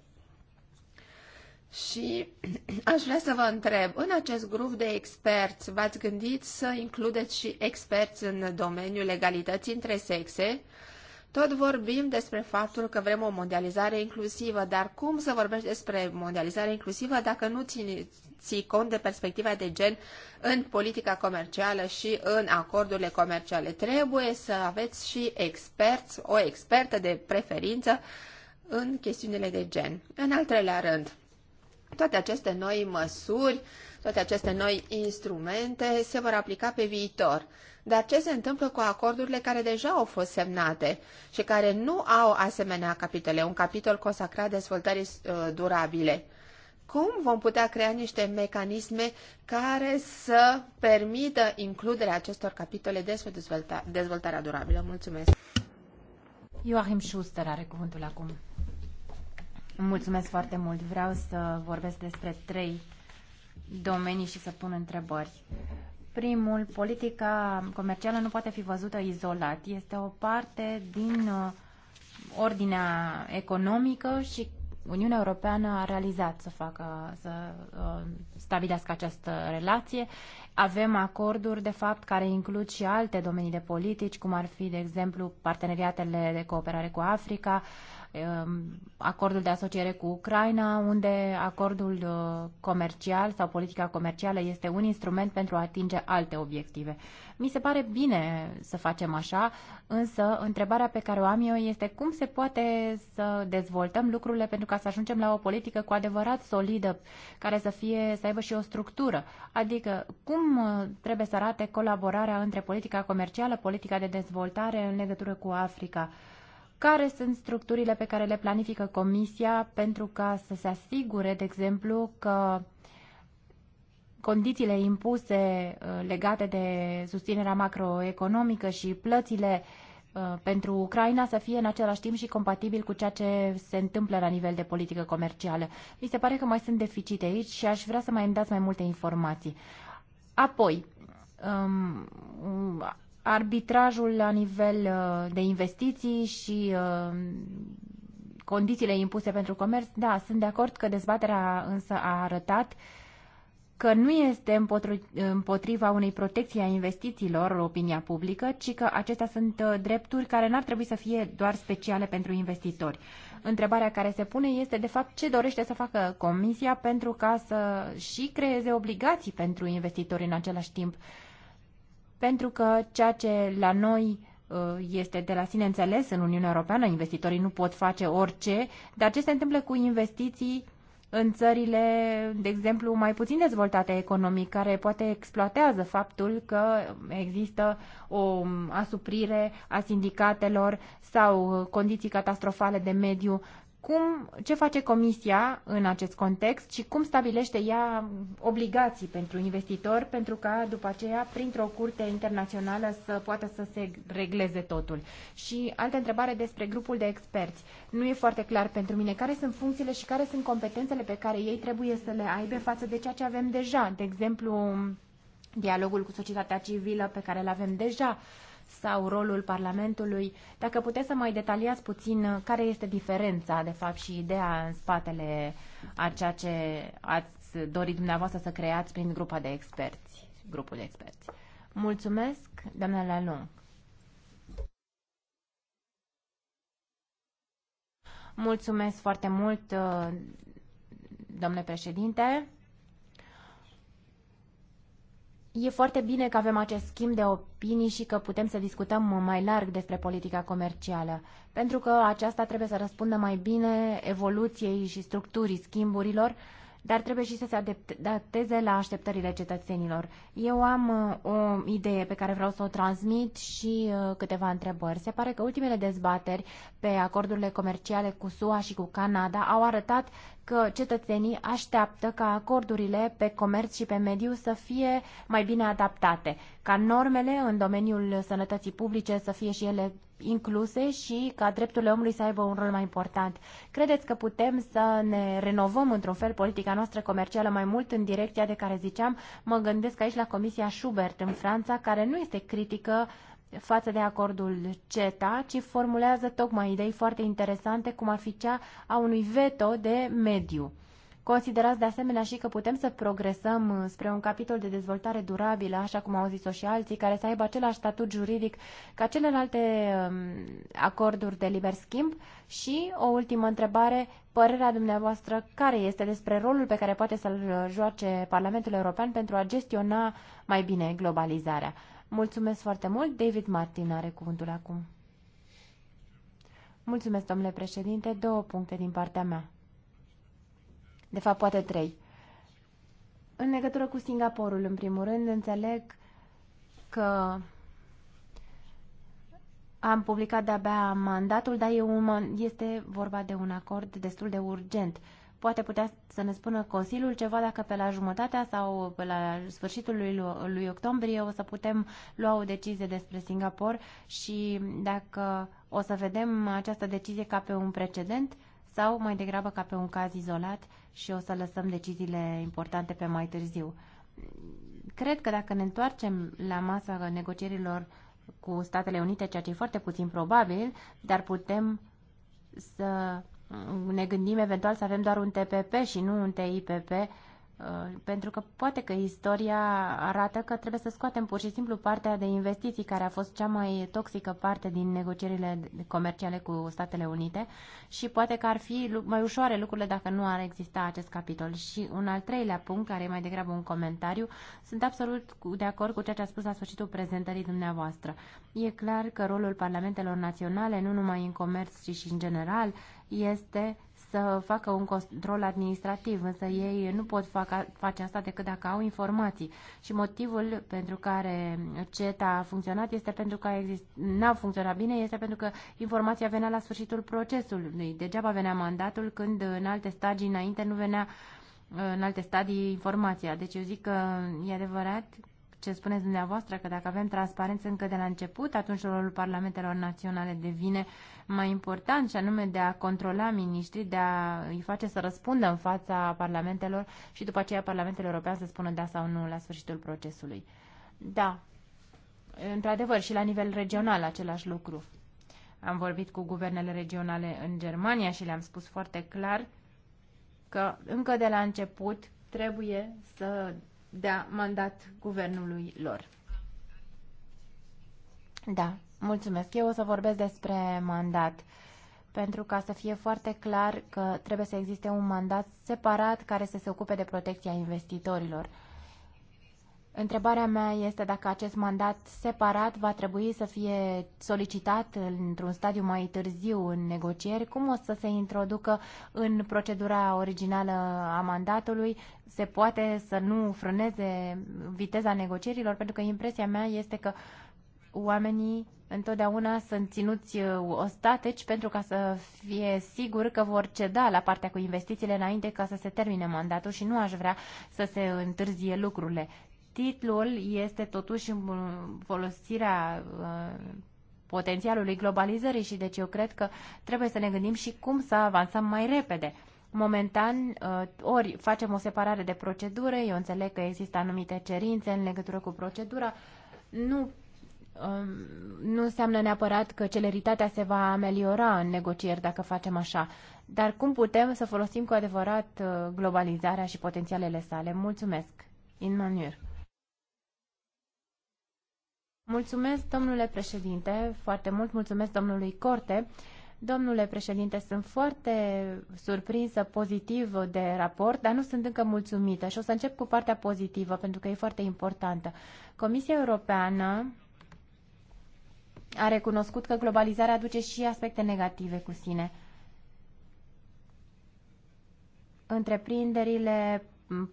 Și aș vrea să vă întreb, în acest grup de experți, v-ați gândit să includeți și experți în domeniul legalității între sexe, tot vorbim despre faptul că vrem o mondializare inclusivă, dar cum să vorbești despre mondializare inclusivă dacă nu ții, ții cont de perspectiva de gen în politica comercială și în acordurile comerciale? Trebuie să aveți și experți, o expertă de preferință în chestiunile de gen. În al treilea rând, toate aceste noi măsuri, toate aceste noi instrumente se vor aplica pe viitor. Dar ce se întâmplă cu acordurile care deja au fost semnate și care nu au asemenea capitole, un capitol consacrat dezvoltării uh, durabile? Cum vom putea crea niște mecanisme care să permită includerea acestor capitole despre dezvolta, dezvoltarea durabilă? Mulțumesc! Joachim Schuster are cuvântul acum. Mulțumesc foarte mult. Vreau să vorbesc despre trei domenii și să pun întrebări. Primul, politica comercială nu poate fi văzută izolat. Este o parte din uh, ordinea economică și Uniunea Europeană a realizat să facă, să uh, stabilească această relație. Avem acorduri, de fapt, care includ și alte domenii de politici, cum ar fi, de exemplu, parteneriatele de cooperare cu Africa, Ehm, acordul de asociere cu Ucraina, unde acordul uh, comercial sau politica comercială este un instrument pentru a atinge alte obiective. Mi se pare bine să facem așa, însă întrebarea pe care o am eu este cum se poate să dezvoltăm lucrurile pentru ca să ajungem la o politică cu adevărat solidă, care să fie, să aibă și o structură. Adică cum uh, trebuie să arate colaborarea între politica comercială, politica de dezvoltare în legătură cu Africa care sunt structurile pe care le planifică Comisia pentru ca să se asigure, de exemplu, că condițiile impuse uh, legate de susținerea macroeconomică și plățile uh, pentru Ucraina să fie în același timp și compatibil cu ceea ce se întâmplă la nivel de politică comercială. Mi se pare că mai sunt deficite aici și aș vrea să mai îmi dați mai multe informații. Apoi, um, arbitrajul la nivel uh, de investiții și uh, condițiile impuse pentru comerț, da, sunt de acord că dezbaterea însă a arătat că nu este împotriva unei protecții a investițiilor opinia publică, ci că acestea sunt uh, drepturi care n-ar trebui să fie doar speciale pentru investitori. Întrebarea care se pune este, de fapt, ce dorește să facă Comisia pentru ca să și creeze obligații pentru investitori în același timp pentru că ceea ce la noi uh, este de la sine înțeles în Uniunea Europeană, investitorii nu pot face orice, dar ce se întâmplă cu investiții în țările, de exemplu, mai puțin dezvoltate economic, care poate exploatează faptul că există o asuprire a sindicatelor sau condiții catastrofale de mediu cum, ce face Comisia în acest context și cum stabilește ea obligații pentru investitori pentru ca după aceea, printr-o curte internațională, să poată să se regleze totul. Și altă întrebare despre grupul de experți. Nu e foarte clar pentru mine care sunt funcțiile și care sunt competențele pe care ei trebuie să le aibă față de ceea ce avem deja. De exemplu, dialogul cu societatea civilă pe care îl avem deja, uh, sau rolul Parlamentului. Dacă puteți să mai detaliați puțin uh, care este diferența, de fapt, și ideea în spatele a ceea ce ați dorit dumneavoastră să creați prin grupa de experți, grupul de experți. Mulțumesc, doamna Lalung. Mulțumesc foarte mult, uh, domnule președinte. E foarte bine că avem acest schimb de opinii și că putem să discutăm mai larg despre politica comercială, pentru că aceasta trebuie să răspundă mai bine evoluției și structurii schimburilor, dar trebuie și să se adapteze la așteptările cetățenilor. Eu am uh, o idee pe care vreau să o transmit și uh, câteva întrebări. Se pare că ultimele dezbateri pe acordurile comerciale cu SUA și cu Canada au arătat că cetățenii așteaptă ca acordurile pe comerț și pe mediu să fie mai bine adaptate, ca normele în domeniul sănătății publice să fie și ele incluse și ca drepturile omului să aibă un rol mai important. Credeți că putem să ne renovăm într-un fel politica noastră comercială mai mult în direcția de care ziceam? Mă gândesc aici la Comisia Schubert în Franța, care nu este critică față de acordul CETA, ci formulează tocmai idei foarte interesante, cum ar fi cea a unui veto de mediu. Considerați de asemenea și că putem să progresăm spre un capitol de dezvoltare durabilă, așa cum au zis-o și alții, care să aibă același statut juridic ca celelalte um, acorduri de liber schimb? Și o ultimă întrebare, părerea dumneavoastră care este despre rolul pe care poate să-l joace Parlamentul European pentru a gestiona mai bine globalizarea? Mulțumesc foarte mult. David Martin are cuvântul acum. Mulțumesc, domnule președinte. Două puncte din partea mea. De fapt, poate trei. În legătură cu Singaporul, în primul rând, înțeleg că am publicat de-abia mandatul, dar e un, este vorba de un acord destul de urgent. Uh, Poate putea să ne spună Consiliul ceva dacă pe la jumătatea sau pe la sfârșitul lui, lui octombrie o să putem lua o decizie despre Singapore și dacă o să vedem această decizie ca pe un precedent sau mai degrabă ca pe un caz izolat și o să lăsăm deciziile importante pe mai târziu. Cred că dacă ne întoarcem la masa negocierilor cu Statele Unite, ceea ce e foarte puțin probabil, dar putem să ne gândim eventual să avem doar un TPP și nu un TIPP Uh, pentru că poate că istoria arată că trebuie să scoatem pur și simplu partea de investiții care a fost cea mai toxică parte din negocierile comerciale cu Statele Unite și poate că ar fi mai ușoare lucrurile dacă nu ar exista acest capitol. Și un al treilea punct, care e mai degrabă un comentariu, sunt absolut de acord cu ceea ce a spus la sfârșitul prezentării dumneavoastră. E clar că rolul parlamentelor naționale, nu numai în comerț, ci și în general, este să facă un control administrativ, însă ei nu pot face asta decât dacă au informații. Și motivul pentru care CETA a funcționat este pentru că n-a funcționat bine, este pentru că informația venea la sfârșitul procesului. Degeaba venea mandatul când în alte stagii înainte nu venea în alte stadii informația. Deci eu zic că e adevărat ce spuneți dumneavoastră, că dacă avem transparență încă de la început, atunci rolul parlamentelor naționale devine mai important și anume de a controla miniștrii, de a îi face să răspundă în fața parlamentelor și după aceea Parlamentul European să spună da sau nu la sfârșitul procesului. Da, într-adevăr și la nivel regional același lucru. Am vorbit cu guvernele regionale în Germania și le-am spus foarte clar că încă de la început trebuie să da mandat guvernului lor. Da, mulțumesc. Eu o să vorbesc despre mandat, pentru ca să fie foarte clar că trebuie să existe un mandat separat care să se ocupe de protecția investitorilor. Întrebarea mea este dacă acest mandat separat va trebui să fie solicitat într-un stadiu mai târziu în negocieri, cum o să se introducă în procedura originală a mandatului, se poate să nu frâneze viteza negocierilor, pentru că impresia mea este că oamenii întotdeauna sunt ținuți uh, ostateci pentru ca să fie sigur că vor ceda la partea cu investițiile înainte ca să se termine mandatul și nu aș vrea să se întârzie lucrurile. Titlul este totuși folosirea uh, potențialului globalizării și deci eu cred că trebuie să ne gândim și cum să avansăm mai repede. Momentan, uh, ori facem o separare de procedură, eu înțeleg că există anumite cerințe în legătură cu procedura, nu, um, nu înseamnă neapărat că celeritatea se va ameliora în negocieri dacă facem așa, dar cum putem să folosim cu adevărat uh, globalizarea și potențialele sale? Mulțumesc! manure. Mulțumesc, domnule președinte, foarte mult mulțumesc domnului Corte. Domnule președinte, sunt foarte surprinsă pozitiv de raport, dar nu sunt încă mulțumită și o să încep cu partea pozitivă, pentru că e foarte importantă. Comisia Europeană a recunoscut că globalizarea aduce și aspecte negative cu sine. Întreprinderile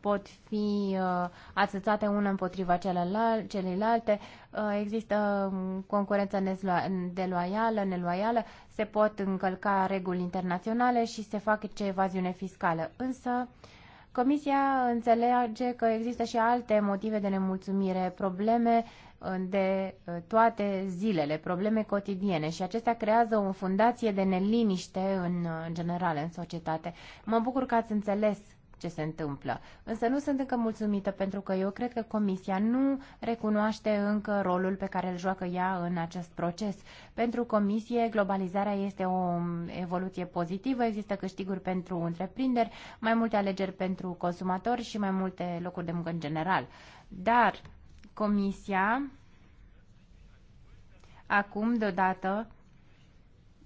pot fi uh, ațățate una împotriva celelalte, uh, există um, concurență deloială, neloială, se pot încălca reguli internaționale și se ce evaziune fiscală. Însă, Comisia înțelege că există și alte motive de nemulțumire, probleme uh, de toate zilele, probleme cotidiene și acestea creează o fundație de neliniște în, în general în societate. Mă bucur că ați înțeles ce se întâmplă. Însă nu sunt încă mulțumită pentru că eu cred că Comisia nu recunoaște încă rolul pe care îl joacă ea în acest proces. Pentru Comisie, globalizarea este o evoluție pozitivă, există câștiguri pentru întreprinderi, mai multe alegeri pentru consumatori și mai multe locuri de muncă în general. Dar Comisia acum, deodată,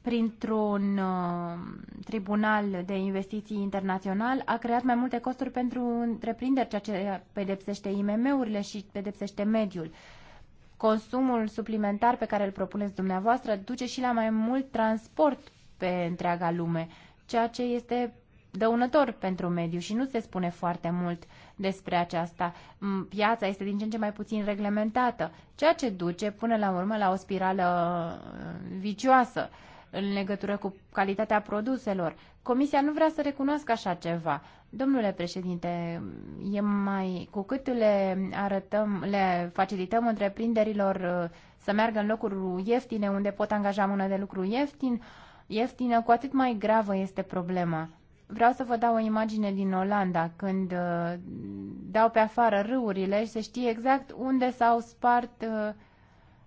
printr-un uh, tribunal de investiții internațional a creat mai multe costuri pentru întreprinderi, ceea ce pedepsește IMM-urile și pedepsește mediul. Consumul suplimentar pe care îl propuneți dumneavoastră duce și la mai mult transport pe întreaga lume, ceea ce este dăunător pentru mediu și nu se spune foarte mult despre aceasta. Piața este din ce în ce mai puțin reglementată, ceea ce duce până la urmă la o spirală uh, vicioasă în legătură cu calitatea produselor. Comisia nu vrea să recunoască așa ceva. Domnule președinte, e mai, cu cât le arătăm, le facilităm întreprinderilor uh, să meargă în locuri ieftine unde pot angaja mână de lucru ieftin, ieftină, cu atât mai gravă este problema. Vreau să vă dau o imagine din Olanda, când uh, dau pe afară râurile și se știe exact unde s-au spart uh,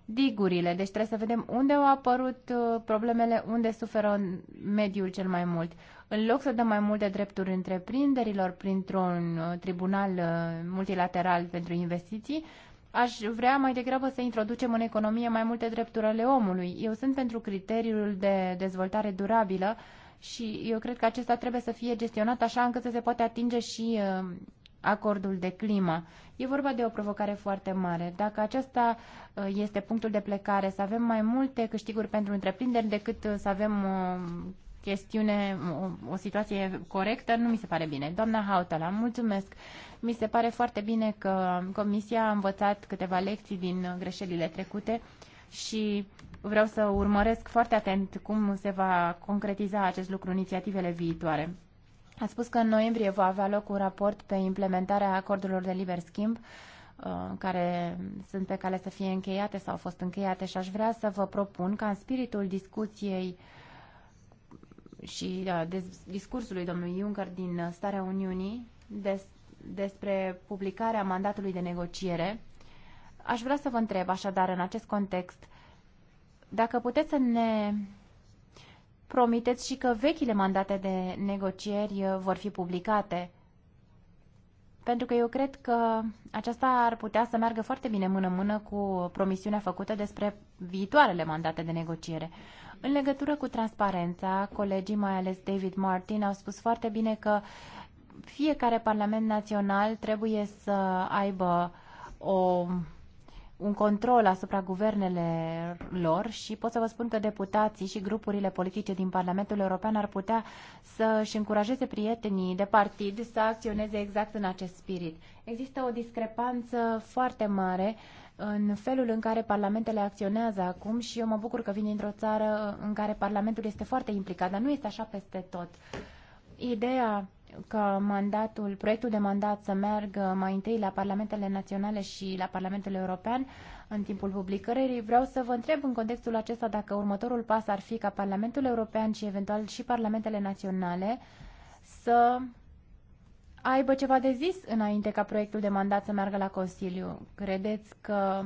digurile. Deci trebuie să vedem unde au apărut uh, problemele, unde suferă mediul cel mai mult. În loc să dăm mai multe drepturi întreprinderilor printr-un uh, tribunal uh, multilateral pentru investiții, aș vrea mai degrabă să introducem în economie mai multe drepturi ale omului. Eu sunt pentru criteriul de dezvoltare durabilă și eu cred că acesta trebuie să fie gestionat așa încât să se poate atinge și acordul de climă. E vorba de o provocare foarte mare. Dacă acesta uh, este punctul de plecare, să avem mai multe câștiguri pentru întreprinderi decât uh, să avem o chestiune, o, o situație corectă, nu mi se pare bine. Doamna Hautala, mulțumesc. Mi se pare foarte bine că Comisia a învățat câteva lecții din greșelile trecute și vreau să urmăresc foarte atent cum se va concretiza acest lucru, inițiativele viitoare. A spus că în noiembrie va avea loc un raport pe implementarea acordurilor de liber schimb uh, care sunt pe cale să fie încheiate sau au fost încheiate și aș vrea să vă propun ca în spiritul discuției și uh, discursului domnului Juncker din Starea Uniunii des, despre publicarea mandatului de negociere, aș vrea să vă întreb așadar în acest context dacă puteți să ne promiteți și că vechile mandate de negocieri uh, vor fi publicate. Pentru că eu cred că aceasta ar putea să meargă foarte bine mână-mână cu promisiunea făcută despre viitoarele mandate de negociere. În legătură cu transparența, colegii, mai ales David Martin, au spus foarte bine că fiecare parlament național trebuie să aibă o un control asupra guvernelor și pot să vă spun că deputații și grupurile politice din Parlamentul European ar putea să își încurajeze prietenii de partid să acționeze exact în acest spirit. Există o discrepanță foarte mare în felul în care parlamentele acționează acum și eu mă bucur că vin dintr-o țară în care parlamentul este foarte implicat, dar nu este așa peste tot. Ideea că mandatul, proiectul de mandat să meargă mai întâi la parlamentele naționale și la parlamentul european în timpul publicării, vreau să vă întreb în contextul acesta dacă următorul pas ar fi ca Parlamentul European și eventual și parlamentele naționale să aibă ceva de zis înainte ca proiectul de mandat să meargă la Consiliu. Credeți că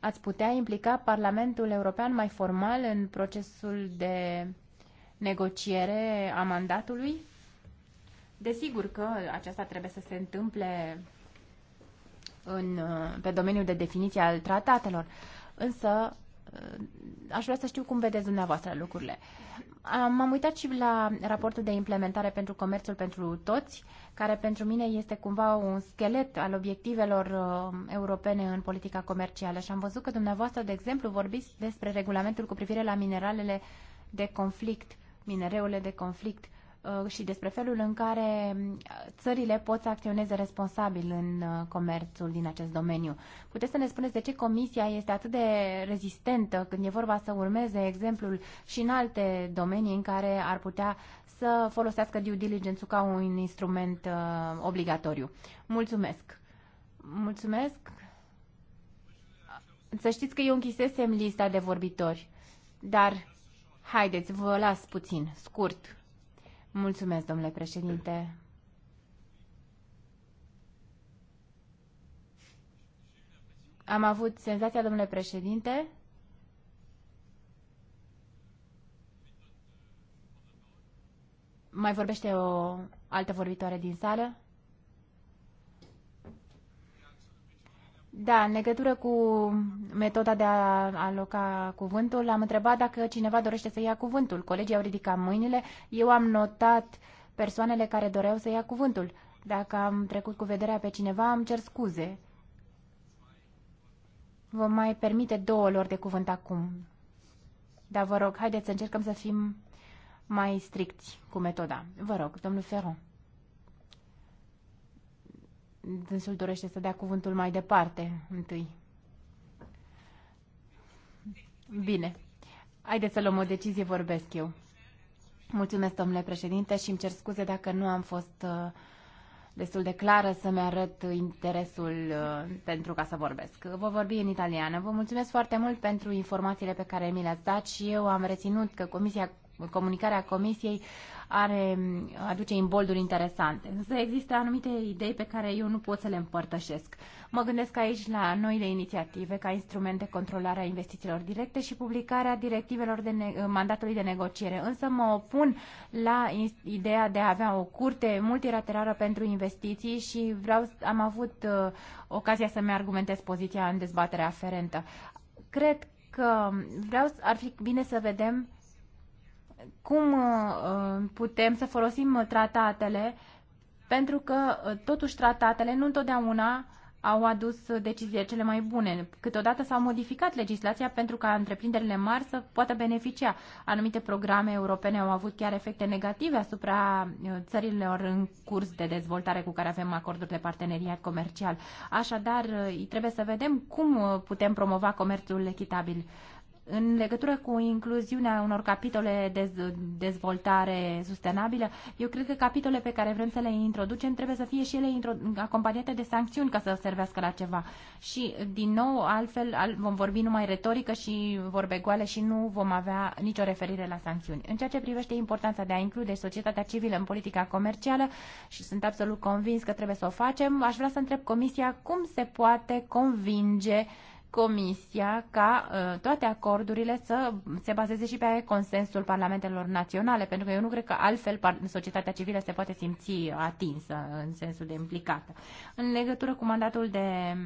ați putea implica Parlamentul European mai formal în procesul de negociere a mandatului? Desigur că aceasta trebuie să se întâmple în, pe domeniul de definiție al tratatelor, însă ă, aș vrea să știu cum vedeți dumneavoastră lucrurile. M-am uitat și la raportul de implementare pentru comerțul pentru toți, care pentru mine este cumva un schelet al obiectivelor uh, europene în politica comercială și am văzut că dumneavoastră, de exemplu, vorbiți despre regulamentul cu privire la mineralele de conflict, minereurile de conflict Uh, și despre felul în care uh, țările pot să acționeze responsabil în uh, comerțul din acest domeniu. Puteți să ne spuneți de ce Comisia este atât de rezistentă când e vorba să urmeze exemplul și în alte domenii în care ar putea să folosească due diligence-ul ca un instrument uh, obligatoriu. Mulțumesc! Mulțumesc! Să știți că eu închisesem lista de vorbitori, dar haideți, vă las puțin, scurt. Mulțumesc, domnule președinte. Am avut senzația, domnule președinte, Mai vorbește o altă vorbitoare din sală? Da, în legătură cu metoda de a aloca cuvântul, am întrebat dacă cineva dorește să ia cuvântul. Colegii au ridicat mâinile, eu am notat persoanele care doreau să ia cuvântul. Dacă am trecut cu vederea pe cineva, am cer scuze. Vă mai permite două lor de cuvânt acum. Dar vă rog, haideți să încercăm să fim mai stricți cu metoda. Vă rog, domnul Ferron dânsul dorește să dea cuvântul mai departe, întâi. Bine. Haideți să luăm o decizie, vorbesc eu. Mulțumesc, domnule președinte, și îmi cer scuze dacă nu am fost uh, destul de clară să-mi arăt interesul uh, pentru ca să vorbesc. Vă vorbi în italiană. Vă mulțumesc foarte mult pentru informațiile pe care mi le-ați dat și eu am reținut că Comisia comunicarea Comisiei are, aduce imbolduri interesante. Însă există anumite idei pe care eu nu pot să le împărtășesc. Mă gândesc aici la noile inițiative ca instrument de controlare a investițiilor directe și publicarea directivelor de mandatului de negociere. Însă mă opun la ideea de a avea o curte multilaterală pentru investiții și vreau, am avut uh, ocazia să-mi argumentez poziția în dezbaterea aferentă. Cred că vreau, ar fi bine să vedem cum uh, uh, putem să folosim uh, tratatele, pentru că totuși tratatele nu întotdeauna au adus deciziile cele mai bune. Câteodată s-au modificat legislația pentru ca întreprinderile mari să poată beneficia. Anumite programe europene au avut chiar efecte negative asupra țărilor în curs de dezvoltare cu care avem acorduri de parteneriat comercial. Așadar, trebuie să vedem cum putem promova comerțul echitabil. În legătură cu incluziunea unor capitole de dezvoltare sustenabilă, eu cred că capitole pe care vrem să le introducem trebuie să fie și ele acompaniate de sancțiuni ca să servească la ceva. Și, din nou, altfel vom vorbi numai retorică și vorbe goale și nu vom avea nicio referire la sancțiuni. În ceea ce privește importanța de a include societatea civilă în politica comercială, și sunt absolut convins că trebuie să o facem, aș vrea să întreb Comisia cum se poate convinge Comisia ca uh, toate acordurile să se bazeze și pe consensul parlamentelor naționale, pentru că eu nu cred că altfel societatea civilă se poate simți atinsă în sensul de implicată. În legătură cu mandatul de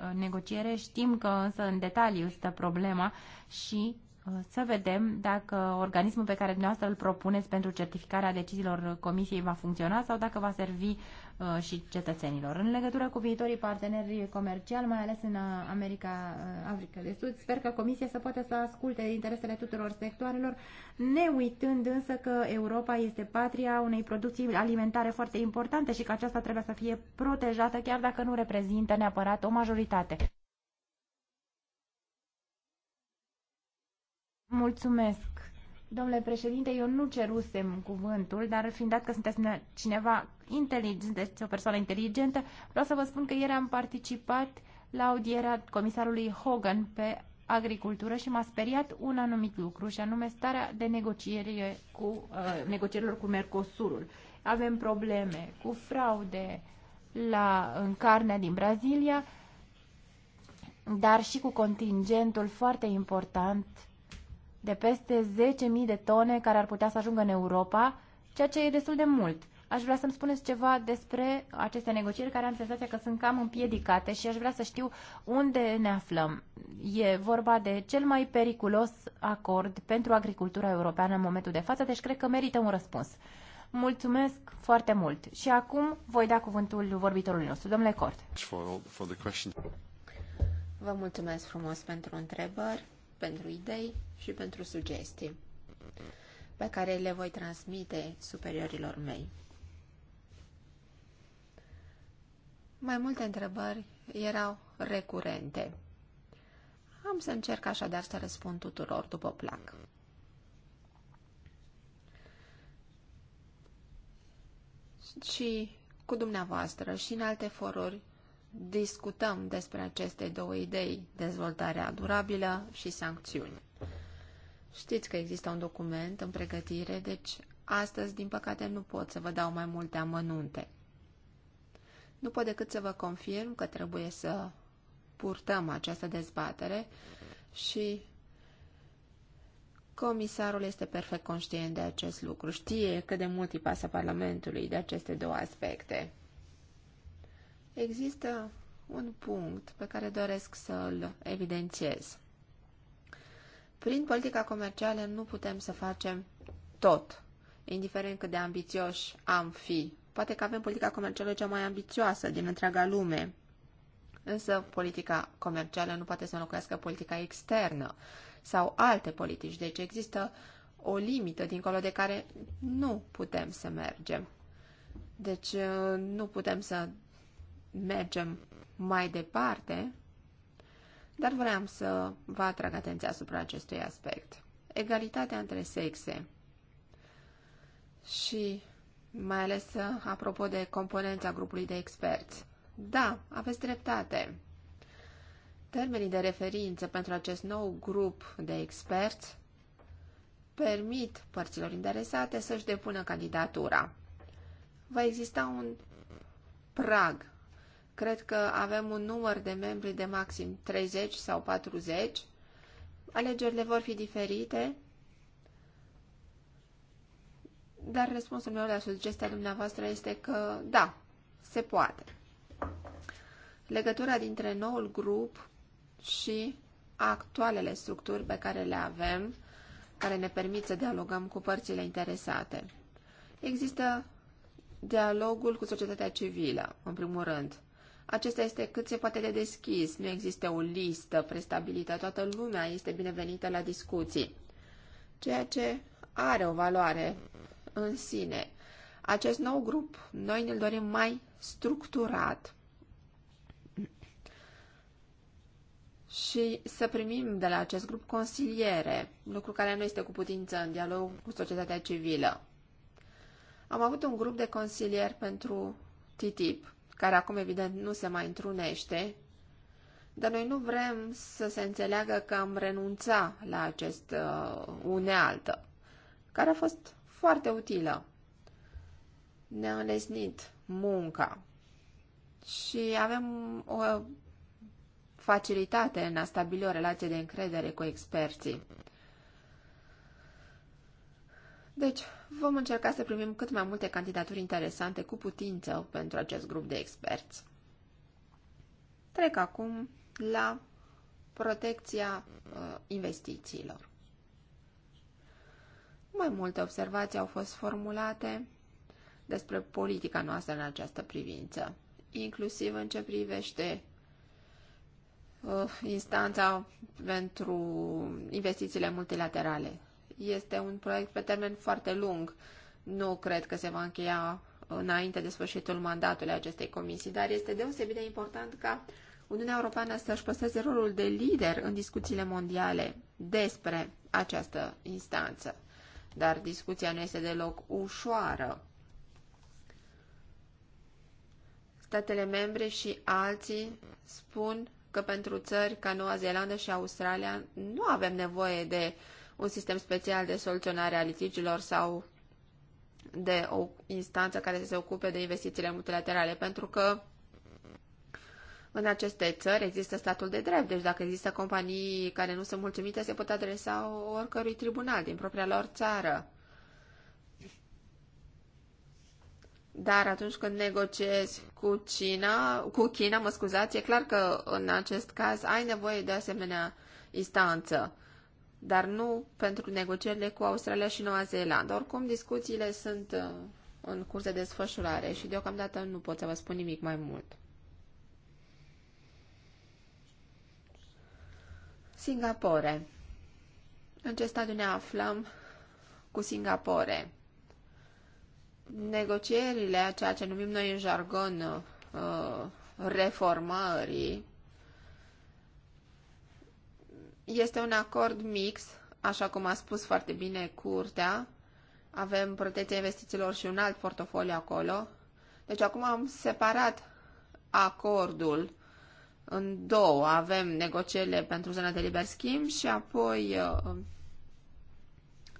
uh, negociere, știm că însă în detaliu stă problema și uh, să vedem dacă organismul pe care dumneavoastră îl propuneți pentru certificarea deciziilor Comisiei va funcționa sau dacă va servi uh, Uh, și cetățenilor. În legătură cu viitorii parteneri comerciali, mai ales în uh, America, uh, Africa de Sud, sper că Comisia să poată să asculte interesele tuturor sectoarelor, ne uitând însă că Europa este patria unei producții alimentare foarte importante și că aceasta trebuie să fie protejată, chiar dacă nu reprezintă neapărat o majoritate. Mulțumesc! Domnule președinte, eu nu cerusem cuvântul, dar fiind dat că sunteți cineva inteligent, deci o persoană inteligentă, vreau să vă spun că ieri am participat la audierea comisarului Hogan pe agricultură și m-a speriat un anumit lucru, și anume starea de negociere cu, uh, negocierilor cu Mercosurul. Avem probleme cu fraude la, în carnea din Brazilia, dar și cu contingentul foarte important de peste 10.000 de tone care ar putea să ajungă în Europa, ceea ce e destul de mult. Aș vrea să-mi spuneți ceva despre aceste negocieri care am senzația că sunt cam împiedicate și aș vrea să știu unde ne aflăm. E vorba de cel mai periculos acord pentru agricultura europeană în momentul de față, deci cred că merită un răspuns. Mulțumesc foarte mult. Și acum voi da cuvântul vorbitorului nostru, domnule Cort. Vă mulțumesc frumos pentru întrebări pentru idei și pentru sugestii pe care le voi transmite superiorilor mei. Mai multe întrebări erau recurente. Am să încerc așadar să răspund tuturor după plac. Și cu dumneavoastră și în alte foruri discutăm despre aceste două idei, dezvoltarea durabilă și sancțiuni. Știți că există un document în pregătire, deci astăzi, din păcate, nu pot să vă dau mai multe amănunte. Nu pot decât să vă confirm că trebuie să purtăm această dezbatere și comisarul este perfect conștient de acest lucru. Știe cât de mult îi pasă Parlamentului de aceste două aspecte. Există un punct pe care doresc să-l evidențiez. Prin politica comercială nu putem să facem tot, indiferent cât de ambițioși am fi. Poate că avem politica comercială cea mai ambițioasă din întreaga lume, însă politica comercială nu poate să înlocuiască politica externă sau alte politici, deci există o limită dincolo de care nu putem să mergem. Deci uh, nu putem să mergem mai departe, dar vreau să vă atrag atenția asupra acestui aspect. Egalitatea între sexe și mai ales apropo de componența grupului de experți. Da, aveți dreptate. Termenii de referință pentru acest nou grup de experți permit părților interesate să-și depună candidatura. Va exista un prag Cred că avem un număr de membri de maxim 30 sau 40. Alegerile vor fi diferite, dar răspunsul meu la sugestia dumneavoastră este că da, se poate. Legătura dintre noul grup și actualele structuri pe care le avem, care ne permit să dialogăm cu părțile interesate. Există dialogul cu societatea civilă, în primul rând. Acesta este cât se poate de deschis, nu există o listă prestabilită, toată lumea este binevenită la discuții, ceea ce are o valoare în sine. Acest nou grup, noi ne-l dorim mai structurat și să primim de la acest grup consiliere, lucru care nu este cu putință în dialog cu societatea civilă. Am avut un grup de consilieri pentru TTIP, care acum evident nu se mai întrunește, dar noi nu vrem să se înțeleagă că am renunța la acest uh, unealtă, care a fost foarte utilă. Ne-a înlesnit munca și avem o facilitate în a stabili o relație de încredere cu experții. Deci, vom încerca să primim cât mai multe candidaturi interesante cu putință pentru acest grup de experți. Trec acum la protecția uh, investițiilor. Mai multe observații au fost formulate despre politica noastră în această privință, inclusiv în ce privește uh, instanța pentru investițiile multilaterale este un proiect pe termen foarte lung. Nu cred că se va încheia înainte de sfârșitul mandatului acestei comisii, dar este deosebit de important ca Uniunea Europeană să-și păstreze rolul de lider în discuțiile mondiale despre această instanță. Dar discuția nu este deloc ușoară. Statele membre și alții spun că pentru țări ca Noua Zeelandă și Australia nu avem nevoie de uh, un sistem special de soluționare a litigilor sau de o instanță care să se ocupe de investițiile multilaterale, pentru că în aceste țări există statul de drept, deci dacă există companii care nu sunt mulțumite, se pot adresa oricărui tribunal din propria lor țară. Dar atunci când negociezi cu China, cu China, mă scuzați, e clar că în acest caz ai nevoie de asemenea instanță dar nu pentru negocierile cu Australia și Noua Zeelandă. Oricum, discuțiile sunt uh, în curs de desfășurare și deocamdată nu pot să vă spun nimic mai mult. Singapore. În ce stadiu ne aflăm cu Singapore? Negocierile, ceea ce numim noi în jargon uh, reformării, este un acord mix, așa cum a spus foarte bine curtea. Avem protecția investițiilor și un alt portofoliu acolo. Deci acum am separat acordul în două. Avem negocierile pentru zona de liber schimb și apoi uh,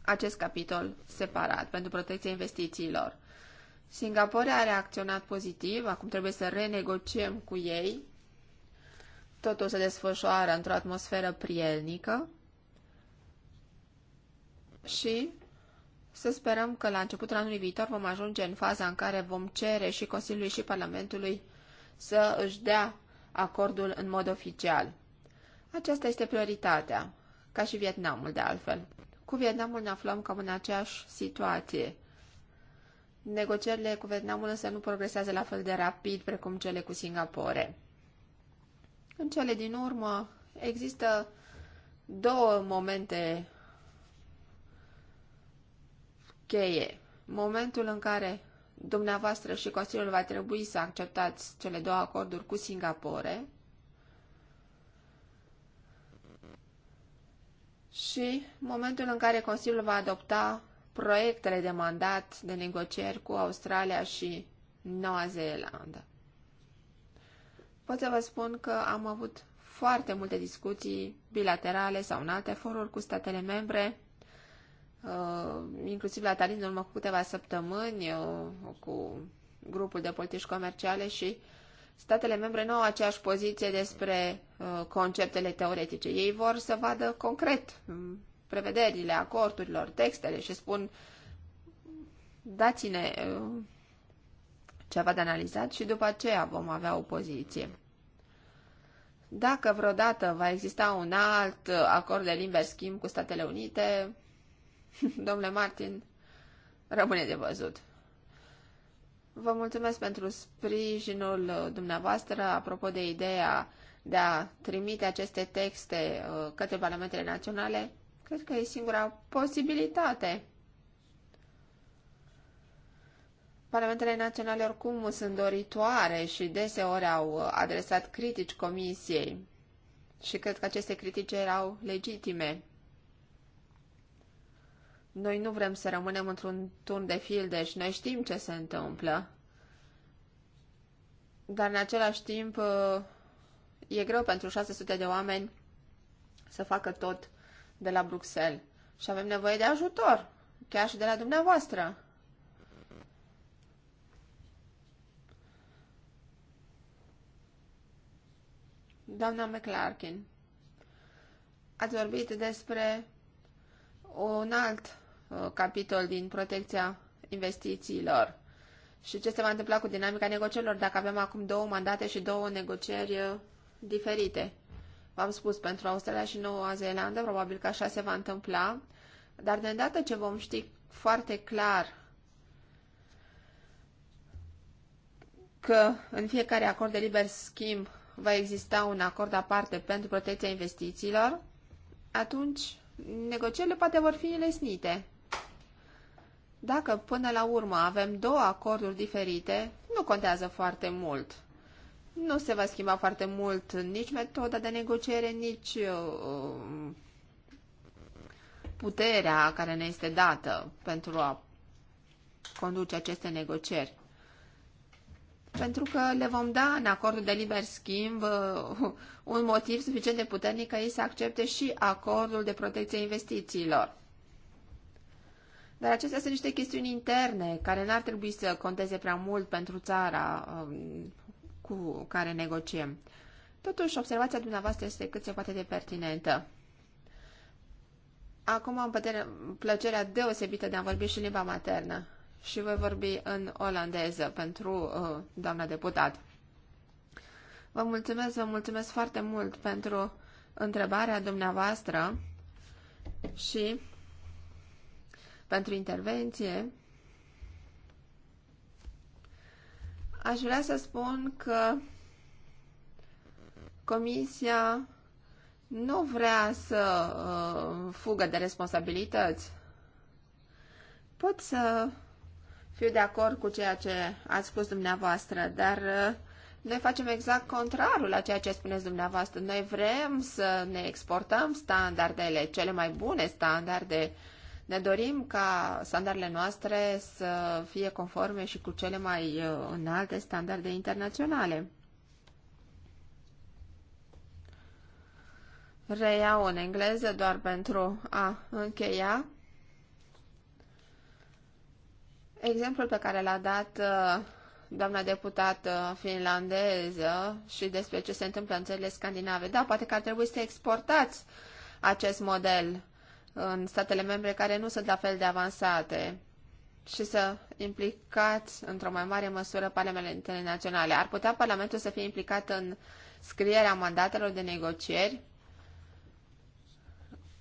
acest capitol separat pentru protecția investițiilor. Singapore a reacționat pozitiv, acum trebuie să renegociem cu ei Totul se desfășoară într-o atmosferă prielnică și să sperăm că la începutul anului viitor vom ajunge în faza în care vom cere și Consiliului și Parlamentului să își dea acordul în mod oficial. Aceasta este prioritatea, ca și Vietnamul de altfel. Cu Vietnamul ne aflăm cam în aceeași situație. Negocierile cu Vietnamul însă nu progresează la fel de rapid precum cele cu Singapore. În cele din urmă există două momente cheie. Momentul în care dumneavoastră și Consiliul va trebui să acceptați cele două acorduri cu Singapore și momentul în care Consiliul va adopta proiectele de mandat de negocieri cu Australia și Noua Zeelandă. Pot să vă spun că am avut foarte multe discuții bilaterale sau în alte foruri cu statele membre, uh, inclusiv la Tallinn în urmă cu câteva săptămâni uh, cu grupul de politici comerciale și statele membre nu au aceeași poziție despre uh, conceptele teoretice. Ei vor să vadă concret mm, prevederile acordurilor, textele și spun dați-ne ce de analizat și după aceea vom avea o poziție. Dacă vreodată va exista un alt acord de liber schimb cu Statele Unite, domnule Martin, rămâne de văzut. Vă mulțumesc pentru sprijinul dumneavoastră apropo de ideea de a trimite aceste texte uh, către Parlamentele Naționale. Cred că e singura posibilitate. Parlamentele naționale oricum sunt doritoare și deseori au uh, adresat critici comisiei și cred că aceste critici erau legitime. Noi nu vrem să rămânem într-un turn de deci noi știm ce se întâmplă. Dar în același timp uh, e greu pentru 600 de oameni să facă tot de la Bruxelles. Și avem nevoie de ajutor, chiar și de la dumneavoastră. Doamna McLarkin, ați vorbit despre un alt uh, capitol din protecția investițiilor și ce se va întâmpla cu dinamica negocierilor dacă avem acum două mandate și două negocieri uh, diferite. V-am spus, pentru Australia și Noua Zeelandă, probabil că așa se va întâmpla, dar de îndată ce vom ști foarte clar că în fiecare acord de liber schimb va exista un acord aparte pentru protecția investițiilor, atunci negocierile poate vor fi lesnite. Dacă până la urmă avem două acorduri diferite, nu contează foarte mult. Nu se va schimba foarte mult nici metoda de negociere, nici uh, puterea care ne este dată pentru a conduce aceste negocieri pentru că le vom da în acordul de liber schimb uh, un motiv suficient de puternic ca ei să accepte și acordul de protecție investițiilor. Dar acestea sunt niște chestiuni interne care n-ar trebui să conteze prea mult pentru țara um, cu care negociem. Totuși, observația dumneavoastră este cât se poate de pertinentă. Acum am plăcerea deosebită de a vorbi și limba maternă și voi vorbi în olandeză pentru uh, doamna deputat. Vă mulțumesc, vă mulțumesc foarte mult pentru întrebarea dumneavoastră și pentru intervenție. Aș vrea să spun că Comisia nu vrea să uh, fugă de responsabilități. Pot să fiu de acord cu ceea ce ați spus dumneavoastră, dar uh, noi facem exact contrarul la ceea ce spuneți dumneavoastră. Noi vrem să ne exportăm standardele, cele mai bune standarde. Ne dorim ca standardele noastre să fie conforme și cu cele mai uh, înalte standarde internaționale. Reiau în engleză doar pentru a încheia. Exemplul pe care l-a dat uh, doamna deputată finlandeză și despre ce se întâmplă în țările scandinave, da, poate că ar trebui să exportați acest model în statele membre care nu sunt la fel de avansate și să implicați într-o mai mare măsură parlamentele naționale. Ar putea Parlamentul să fie implicat în scrierea mandatelor de negocieri?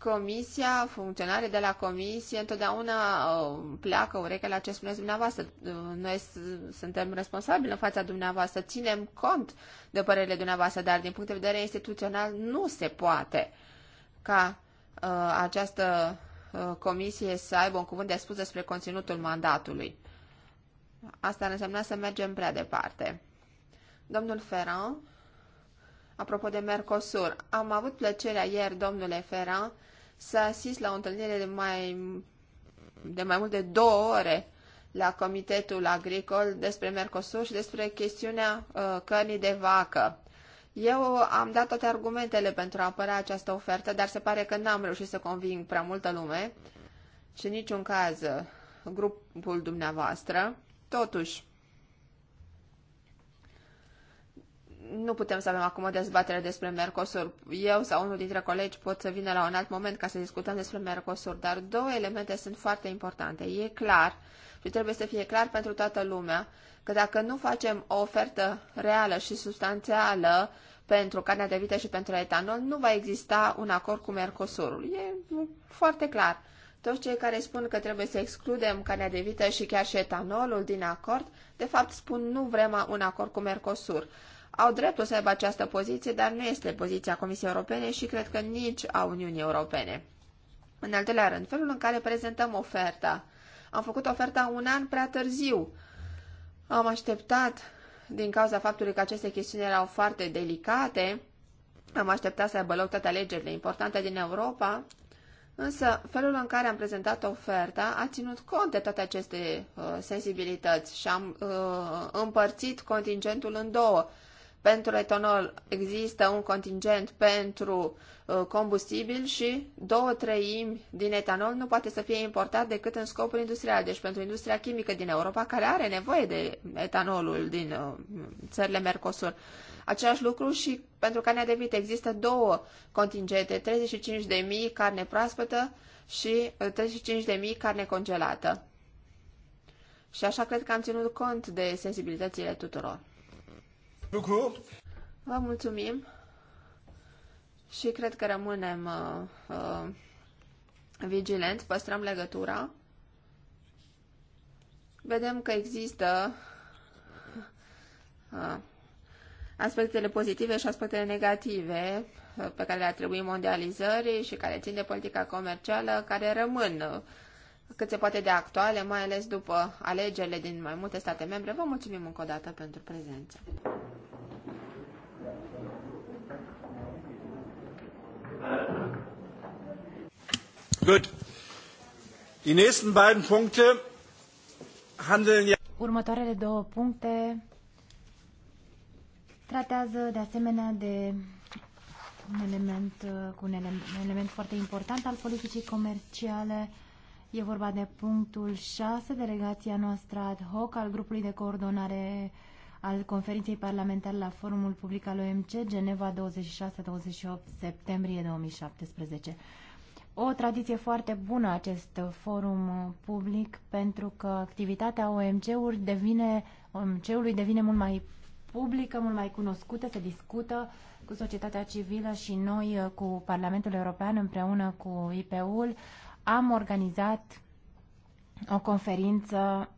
Comisia, funcționarii de la comisie întotdeauna uh, pleacă urechea la ce spuneți dumneavoastră. Uh, noi suntem responsabili în fața dumneavoastră, ținem cont de părerile dumneavoastră, dar din punct de vedere instituțional nu se poate ca uh, această uh, comisie să aibă un cuvânt de spus despre conținutul mandatului. Asta ar însemna să mergem prea departe. Domnul Ferrand, apropo de Mercosur, am avut plăcerea ieri, domnule Ferrand, să asist la o întâlnire de mai, de mai mult de două ore la Comitetul Agricol despre Mercosur și despre chestiunea uh, cărnii de vacă. Eu am dat toate argumentele pentru a apăra această ofertă, dar se pare că n-am reușit să conving prea multă lume și în niciun caz uh, grupul dumneavoastră. Totuși, nu putem să avem acum o dezbatere despre Mercosur. Eu sau unul dintre colegi pot să vină la un alt moment ca să discutăm despre Mercosur, dar două elemente sunt foarte importante. E clar și trebuie să fie clar pentru toată lumea că dacă nu facem o ofertă reală și substanțială pentru carnea de vită și pentru etanol, nu va exista un acord cu Mercosurul. E foarte clar. Toți cei care spun că trebuie să excludem carnea de vită și chiar și etanolul din acord, de fapt spun nu vrem un acord cu Mercosur au dreptul să aibă această poziție, dar nu este poziția Comisiei Europene și cred că nici a Uniunii Europene. În al doilea rând, felul în care prezentăm oferta. Am făcut oferta un an prea târziu. Am așteptat, din cauza faptului că aceste chestiuni erau foarte delicate, am așteptat să aibă loc toate alegerile importante din Europa, însă felul în care am prezentat oferta a ținut cont de toate aceste uh, sensibilități și am uh, împărțit contingentul în două, pentru etanol există un contingent pentru uh, combustibil și două treimi din etanol nu poate să fie importat decât în scopul industrial, deci pentru industria chimică din Europa, care are nevoie de etanolul din uh, țările Mercosur. Același lucru și pentru carnea de vită. Există două contingente, 35.000 carne proaspătă și 35.000 uh, carne congelată. Și așa cred că am ținut cont de sensibilitățile tuturor lucru. Vă mulțumim și cred că rămânem uh, uh, vigilenți, păstrăm legătura. Vedem că există uh, aspectele pozitive și aspectele negative uh, pe care le atribuim mondializării și care țin de politica comercială, care rămân uh, cât se poate de actuale, mai ales după alegerile din mai multe state membre. Vă mulțumim încă o dată pentru prezență. Good. Die nächsten beiden Punkte handeln ja Următoarele două puncte tratează de asemenea de un element, cu un element, un element foarte important al politicii comerciale E vorba de punctul 6, delegația noastră ad hoc al grupului de coordonare al conferinței parlamentare la forumul public al OMC, Geneva 26-28 septembrie 2017. O tradiție foarte bună acest forum public pentru că activitatea OMC-ului devine, omc devine mult mai publică, mult mai cunoscută, se discută cu societatea civilă și noi cu Parlamentul European împreună cu IPU-ul am organizat o conferință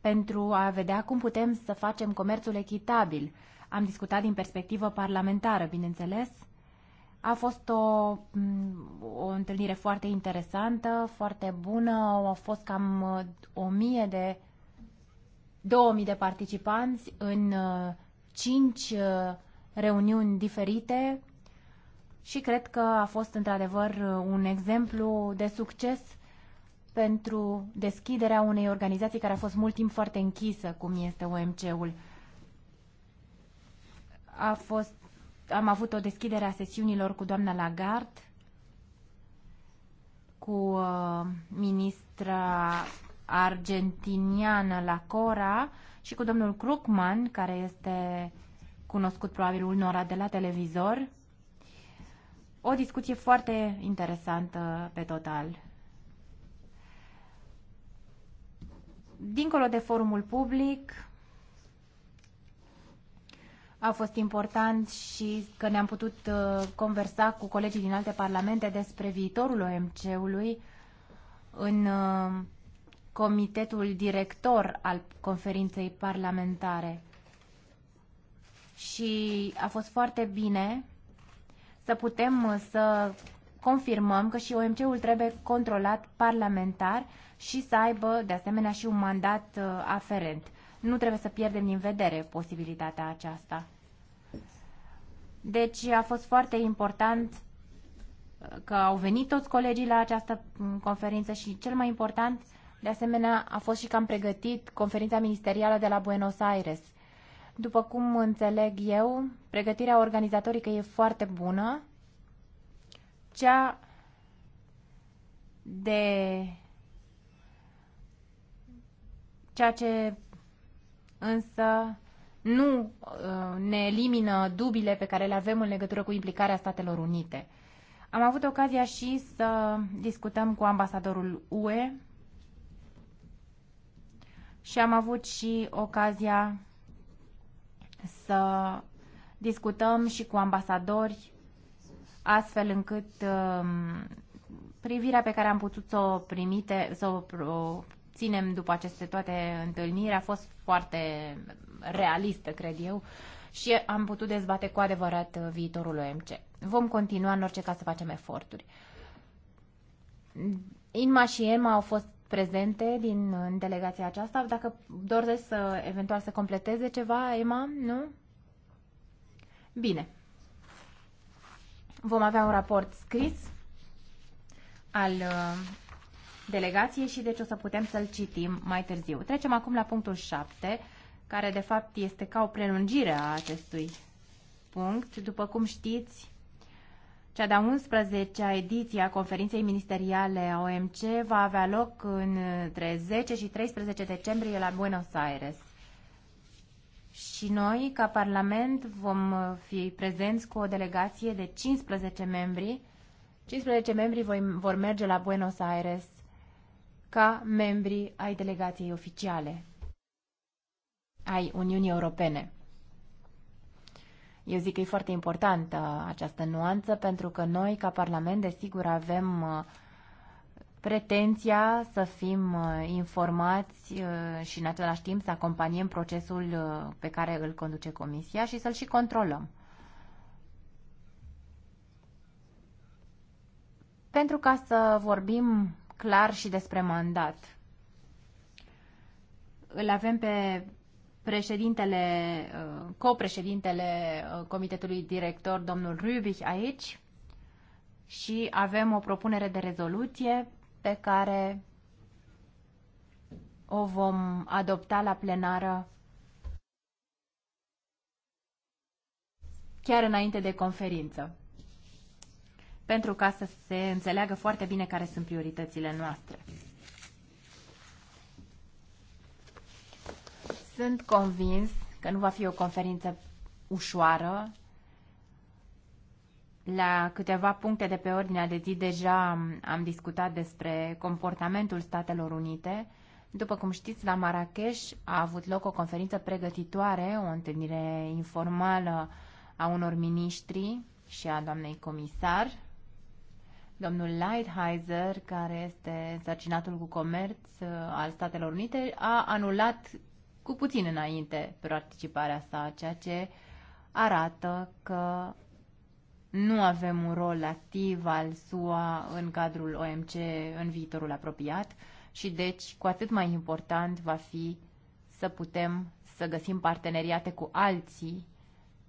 pentru a vedea cum putem să facem comerțul echitabil. Am discutat din perspectivă parlamentară, bineînțeles. A fost o, o întâlnire foarte interesantă, foarte bună. Au fost cam o mie de 2000 de participanți în uh, cinci uh, reuniuni diferite și cred că a fost într-adevăr uh, un exemplu de succes pentru deschiderea unei organizații care a fost mult timp foarte închisă, cum este OMC-ul. A fost, am avut o deschidere a sesiunilor cu doamna Lagarde, cu uh, ministra argentiniană la Cora și cu domnul Krugman, care este cunoscut probabil unora de la televizor, o discuție foarte interesantă pe total. Dincolo de forumul public, a fost important și că ne-am putut uh, conversa cu colegii din alte parlamente despre viitorul OMC-ului în uh, comitetul director al conferinței parlamentare. Și a fost foarte bine să putem uh, să confirmăm că și OMC-ul trebuie controlat parlamentar și să aibă, de asemenea, și un mandat uh, aferent. Nu trebuie să pierdem din vedere posibilitatea aceasta. Deci a fost foarte important uh, că au venit toți colegii la această mm, conferință și cel mai important, de asemenea, a fost și că am pregătit conferința ministerială de la Buenos Aires – după cum înțeleg eu, pregătirea organizatorică e foarte bună. Cea de ceea ce însă nu uh, ne elimină dubile pe care le avem în legătură cu implicarea Statelor Unite. Am avut ocazia și să discutăm cu ambasadorul UE și am avut și ocazia să discutăm și cu ambasadori, astfel încât um, privirea pe care am putut să o primite, să o ținem după aceste toate întâlniri a fost foarte realistă, cred eu, și am putut dezbate cu adevărat uh, viitorul OMC. Vom continua în orice caz să facem eforturi. Inma și Emma au fost prezente din delegația aceasta. Dacă doresc să eventual să completeze ceva, Emma, nu? Bine. Vom avea un raport scris al uh, delegației și deci o să putem să-l citim mai târziu. Trecem acum la punctul 7, care de fapt este ca o prelungire a acestui punct. După cum știți, cea de-a 11-a ediție a conferinței ministeriale a OMC va avea loc între 10 și 13 decembrie la Buenos Aires. Și noi, ca Parlament, vom fi prezenți cu o delegație de 15 membri. 15 membri vor merge la Buenos Aires ca membri ai delegației oficiale ai Uniunii Europene. Eu zic că e foarte importantă această nuanță pentru că noi, ca Parlament, desigur, avem uh, pretenția să fim uh, informați uh, și în același timp să acompaniem procesul pe care îl conduce Comisia și să-l și controlăm. Pentru ca să vorbim clar și despre mandat, îl avem pe președintele, uh, copreședintele uh, comitetului director, domnul Rübich, aici și avem o propunere de rezoluție pe care o vom adopta la plenară chiar înainte de conferință, pentru ca să se înțeleagă foarte bine care sunt prioritățile noastre. Sunt convins că nu va fi o conferință ușoară. La câteva puncte de pe ordinea de zi deja am discutat despre comportamentul Statelor Unite. După cum știți, la Marrakesh a avut loc o conferință pregătitoare, o întâlnire informală a unor miniștri și a doamnei comisar, domnul Lighthizer, care este însărcinatul cu comerț uh, al Statelor Unite, a anulat cu puțin înainte participarea sa, ceea ce arată că nu avem un rol activ al SUA în cadrul OMC în viitorul apropiat și deci cu atât mai important va fi să putem să găsim parteneriate cu alții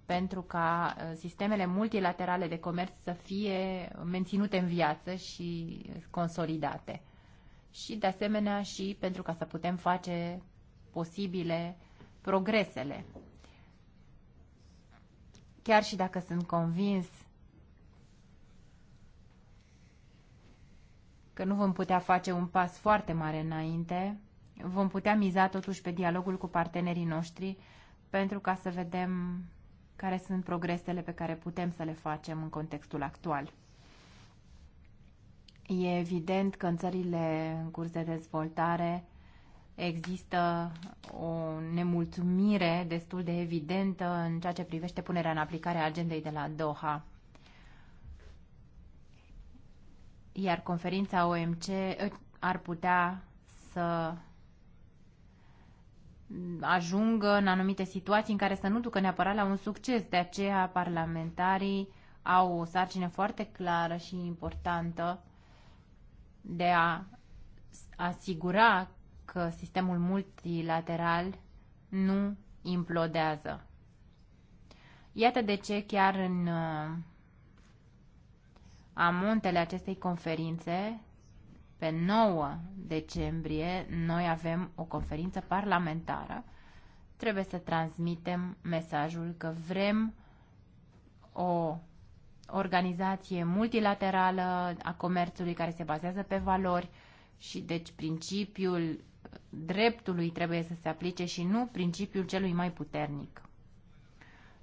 pentru ca uh, sistemele multilaterale de comerț să fie menținute în viață și consolidate. Și de asemenea și pentru ca să putem face posibile progresele. Chiar și dacă sunt convins că nu vom putea face un pas foarte mare înainte, vom putea miza totuși pe dialogul cu partenerii noștri pentru ca să vedem care sunt progresele pe care putem să le facem în contextul actual. E evident că în țările în curs de dezvoltare există o nemulțumire destul de evidentă în ceea ce privește punerea în aplicare a agendei de la Doha. Iar conferința OMC uh, ar putea să ajungă în anumite situații în care să nu ducă neapărat la un succes. De aceea parlamentarii au o sarcină foarte clară și importantă de a asigura că sistemul multilateral nu implodează. Iată de ce chiar în uh, amontele acestei conferințe, pe 9 decembrie, noi avem o conferință parlamentară. Trebuie să transmitem mesajul că vrem o organizație multilaterală a comerțului care se bazează pe valori și deci principiul dreptului trebuie să se aplice și nu principiul celui mai puternic.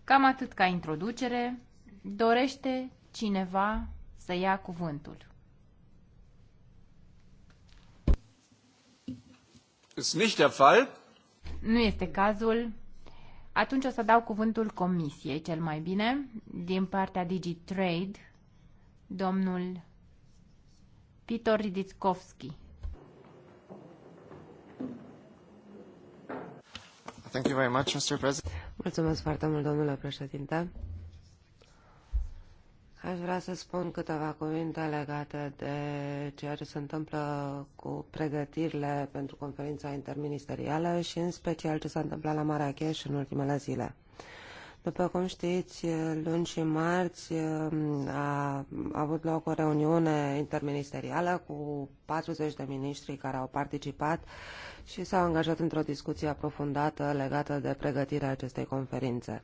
Cam atât ca introducere. Dorește cineva să ia cuvântul. Ist nicht der Fall. Nu este cazul. Atunci o să dau cuvântul comisiei cel mai bine, din partea DigiTrade, domnul Pitor Riditskovski. Thank you very much, Mr. President. Mulțumesc foarte mult, domnule președinte. Aș vrea să spun câteva cuvinte legate de ceea ce se întâmplă cu pregătirile pentru conferința interministerială și în special ce s-a întâmplat la Marrakesh în ultimele zile. După cum știți, luni și marți mm, a avut loc o reuniune interministerială cu 40 de miniștri care au participat și s-au angajat într-o discuție aprofundată legată de pregătirea acestei conferințe.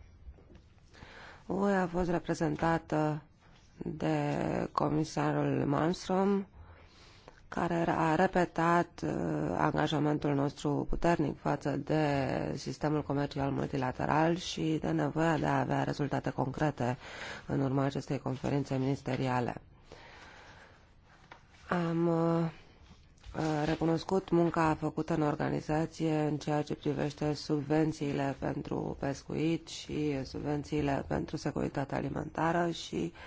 UE a fost reprezentată de comisarul Malmström, care a repetat uh, angajamentul nostru puternic față de sistemul comercial multilateral și de nevoia de a avea rezultate concrete în urma acestei conferințe ministeriale. Am uh, recunoscut munca făcută în organizație în ceea ce privește subvențiile pentru pescuit și subvențiile pentru securitatea alimentară și uh,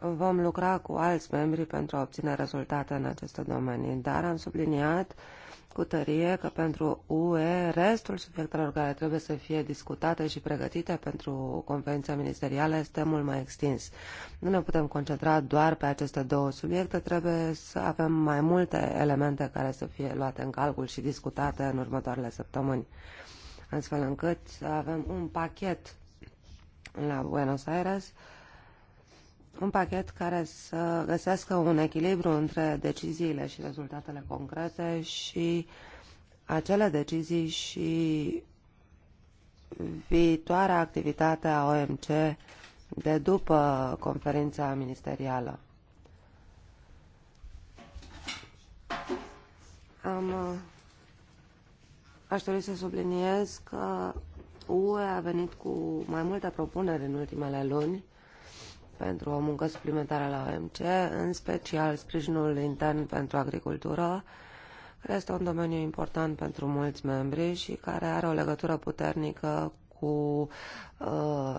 vom lucra cu alți membri pentru a obține rezultate în aceste domenii, dar am subliniat cu tărie că pentru UE restul subiectelor care trebuie să fie discutate și pregătite pentru convenția ministerială este mult mai extins. Nu ne putem concentra doar pe aceste două subiecte, trebuie să avem mai multe elemente care să fie luate în calcul și discutate în următoarele săptămâni, astfel încât să avem un pachet la Buenos Aires uh, un pachet care să găsească un echilibru între deciziile și rezultatele concrete și acele decizii și viitoarea activitate a OMC de după conferința ministerială. Am, aș dori să subliniez că UE a venit cu mai multe propuneri în ultimele luni pentru o muncă suplimentară la OMC, în special sprijinul intern pentru agricultură, care este un domeniu important pentru mulți membri și care are o legătură puternică cu uh,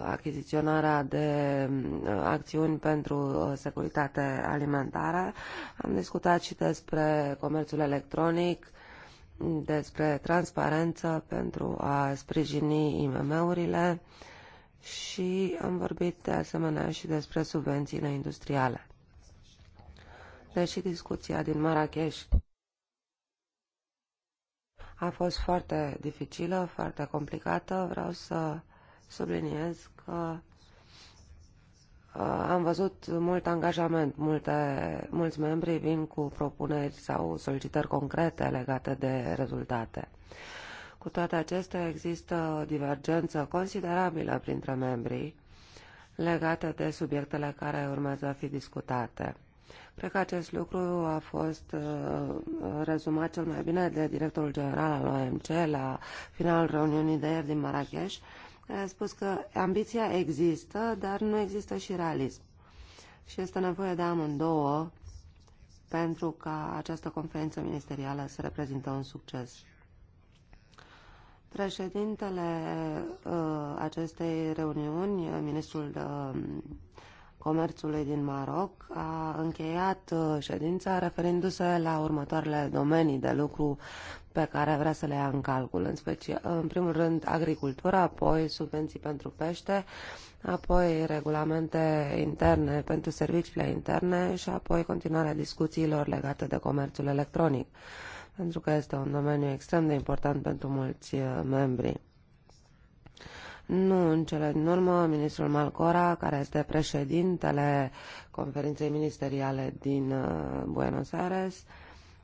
achiziționarea de uh, acțiuni pentru uh, securitate alimentară. Am discutat și despre comerțul electronic, despre transparență pentru a sprijini IMM-urile. Uh, și am vorbit de asemenea și despre subvențiile industriale. Deși deci discuția din Marrakesh a fost foarte dificilă, foarte complicată, vreau să subliniez că uh, am văzut mult angajament, multe, mulți membri vin cu propuneri sau solicitări concrete legate de rezultate. Cu toate acestea există o divergență considerabilă printre membrii legată de subiectele care urmează a fi discutate. Cred că acest lucru a fost uh, rezumat cel mai bine de directorul general al OMC la finalul reuniunii de ieri din Marrakesh, a spus că ambiția există, dar nu există și realism. Și este nevoie de amândouă pentru ca această conferință ministerială să reprezintă un succes. Președintele uh, acestei reuniuni, uh, ministrul de uh, Comerțului din Maroc, a încheiat uh, ședința referindu-se la următoarele domenii de lucru pe care vrea să le ia în calcul, în, special, în primul rând agricultura, apoi subvenții pentru pește, apoi regulamente interne pentru serviciile interne și apoi continuarea discuțiilor legate de comerțul electronic. Uh, pentru că este un domeniu extrem de important pentru mulți uh, membri. Nu, în cele din urmă, ministrul Malcora, care este președintele conferinței ministeriale din uh, Buenos Aires,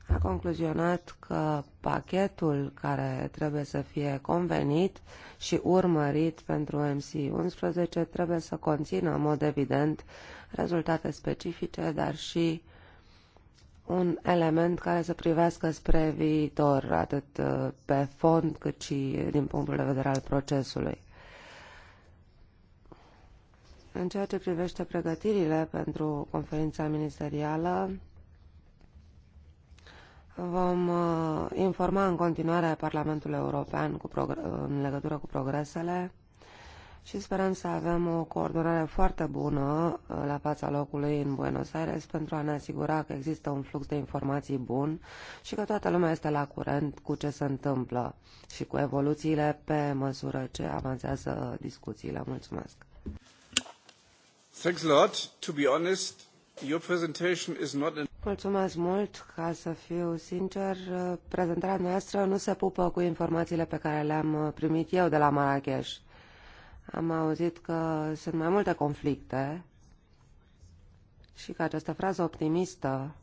a concluzionat că pachetul care trebuie să fie convenit și urmărit pentru MC11 trebuie să conțină, în mod evident, rezultate specifice, dar și uh, un element care să privească spre viitor, atât uh, pe fond cât și din punctul de vedere al procesului. În ceea ce privește pregătirile pentru conferința ministerială, vom uh, informa în continuare Parlamentul European cu în legătură cu progresele și sperăm să avem o coordonare foarte bună uh, la fața locului în Buenos Aires pentru a ne asigura că există un flux de informații bun și că toată lumea este la curent cu ce se întâmplă și cu evoluțiile pe măsură ce avansează discuțiile. Mulțumesc! Thanks a lot. To be honest, your presentation is not Mulțumesc mult, ca să fiu sincer, uh, prezentarea noastră nu se pupă cu informațiile pe care le-am uh, primit eu de la Marrakesh am auzit că sunt mai multe conflicte și că această frază optimistă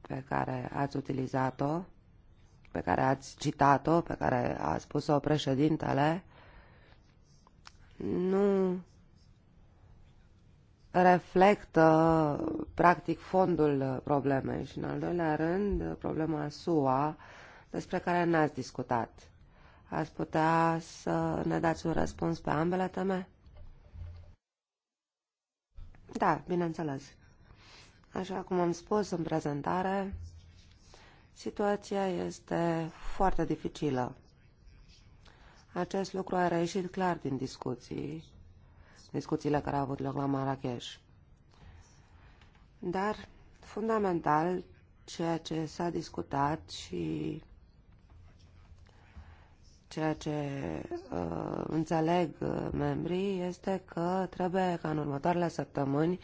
pe care ați utilizat-o, pe care ați citat-o, pe care a spus-o președintele, nu reflectă practic fondul problemei și în al doilea rând problema SUA despre care n-ați discutat. Ați putea să ne dați un răspuns pe ambele teme? Da, bineînțeles. Așa cum am spus în prezentare, situația este foarte dificilă. Acest lucru a reieșit clar din discuții, discuțiile care au avut loc la Marrakesh. Dar, fundamental, ceea ce s-a discutat și Ceea ce uh, înțeleg uh, membrii este că trebuie ca în următoarele săptămâni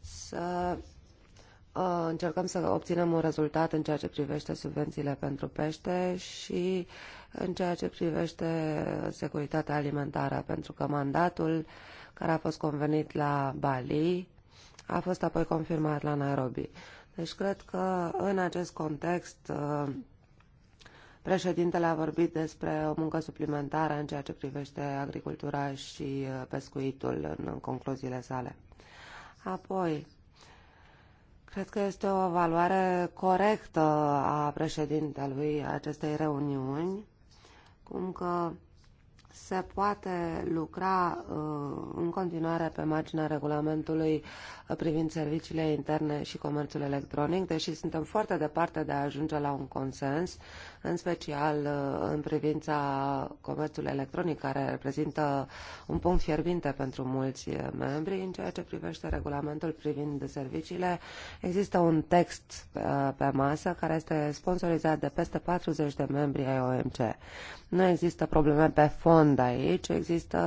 să uh, încercăm să obținem un rezultat în ceea ce privește subvențiile pentru pește și în ceea ce privește securitatea alimentară, pentru că mandatul care a fost convenit la Bali a fost apoi confirmat la Nairobi. Deci cred că în acest context uh, Președintele a vorbit despre o muncă suplimentară în ceea ce privește agricultura și uh, pescuitul în concluziile sale. Apoi, cred că este o valoare corectă a președintelui acestei reuniuni, cum că se poate lucra uh, în continuare pe marginea regulamentului uh, privind serviciile interne și comerțul electronic, deși suntem foarte departe de a ajunge la un consens, în special uh, în privința comerțului electronic, care reprezintă un punct fierbinte pentru mulți membri. În ceea ce privește regulamentul privind serviciile, există un text pe masă care este sponsorizat de peste 40 de membri ai OMC. Nu există probleme pe fond fond aici, există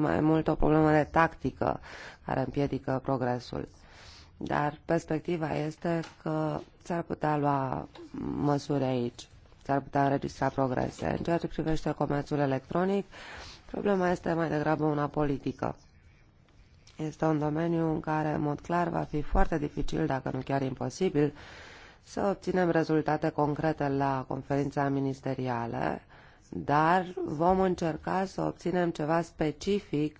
mai mult o problemă de tactică care împiedică progresul. Dar perspectiva este că s-ar putea lua măsuri aici, s-ar putea înregistra progrese. În ceea ce privește comerțul electronic, problema este mai degrabă una politică. Este un domeniu în care, în mod clar, va fi foarte dificil, dacă nu chiar imposibil, să obținem rezultate concrete la conferința ministerială dar vom încerca să obținem ceva specific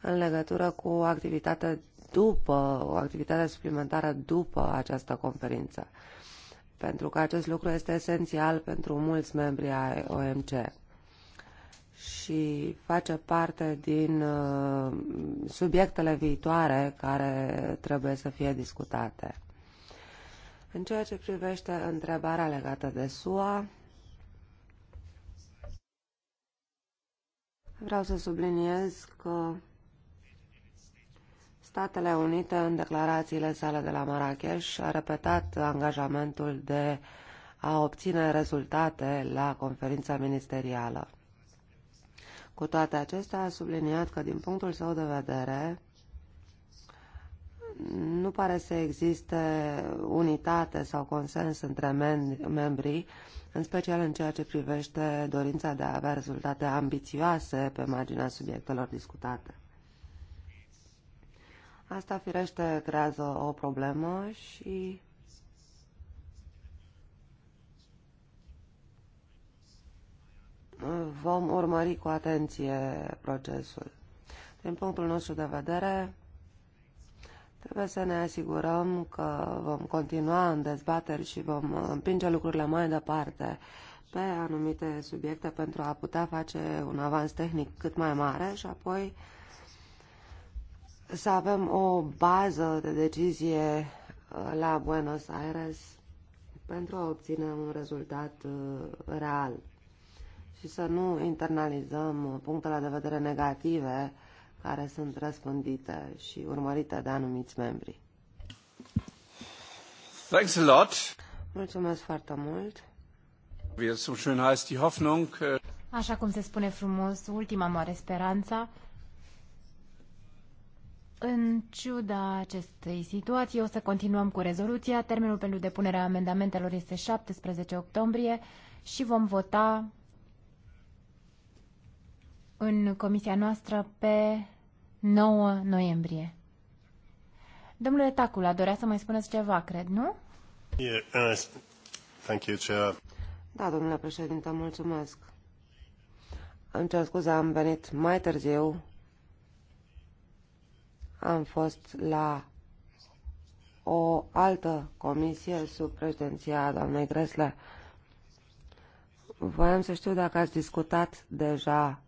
în legătură cu o activitate după, o activitate suplimentară după această conferință, pentru că acest lucru este esențial pentru mulți membri ai OMC și face parte din uh, subiectele viitoare care trebuie să fie discutate. În ceea ce privește întrebarea legată de SUA, Vreau să subliniez că Statele Unite, în declarațiile sale de la Marrakesh, a repetat angajamentul de a obține rezultate la conferința ministerială. Cu toate acestea, a subliniat că, din punctul său de vedere, nu pare să existe unitate sau consens între membrii în special în ceea ce privește dorința de a avea rezultate ambițioase pe marginea subiectelor discutate. Asta, firește, creează o problemă și vom urmări cu atenție procesul. Din punctul nostru de vedere, Trebuie să ne asigurăm că vom continua în dezbateri și vom împinge lucrurile mai departe pe anumite subiecte pentru a putea face un avans tehnic cât mai mare și apoi să avem o bază de decizie uh, la Buenos Aires pentru a obține un rezultat uh, real și să nu internalizăm uh, punctele de vedere negative care sunt răspândite și urmărite de anumiți membri. Thanks a lot. Mulțumesc foarte mult. Wie so schön heißt, die Hoffnung. Äh, Așa cum se spune frumos, ultima mare speranța. În ciuda acestei situații, o să continuăm cu rezoluția. Termenul pentru depunerea amendamentelor este 17 octombrie și vom vota în comisia noastră pe 9 noiembrie. Domnule Tacula, dorea să mai spuneți ceva, cred, nu? Yeah, uh, thank you, Chair. Da, domnule președinte, mulțumesc. Îmi cer scuze, am venit mai târziu. Am fost la o altă comisie sub președinția doamnei Gresle. Voiam să știu dacă ați discutat deja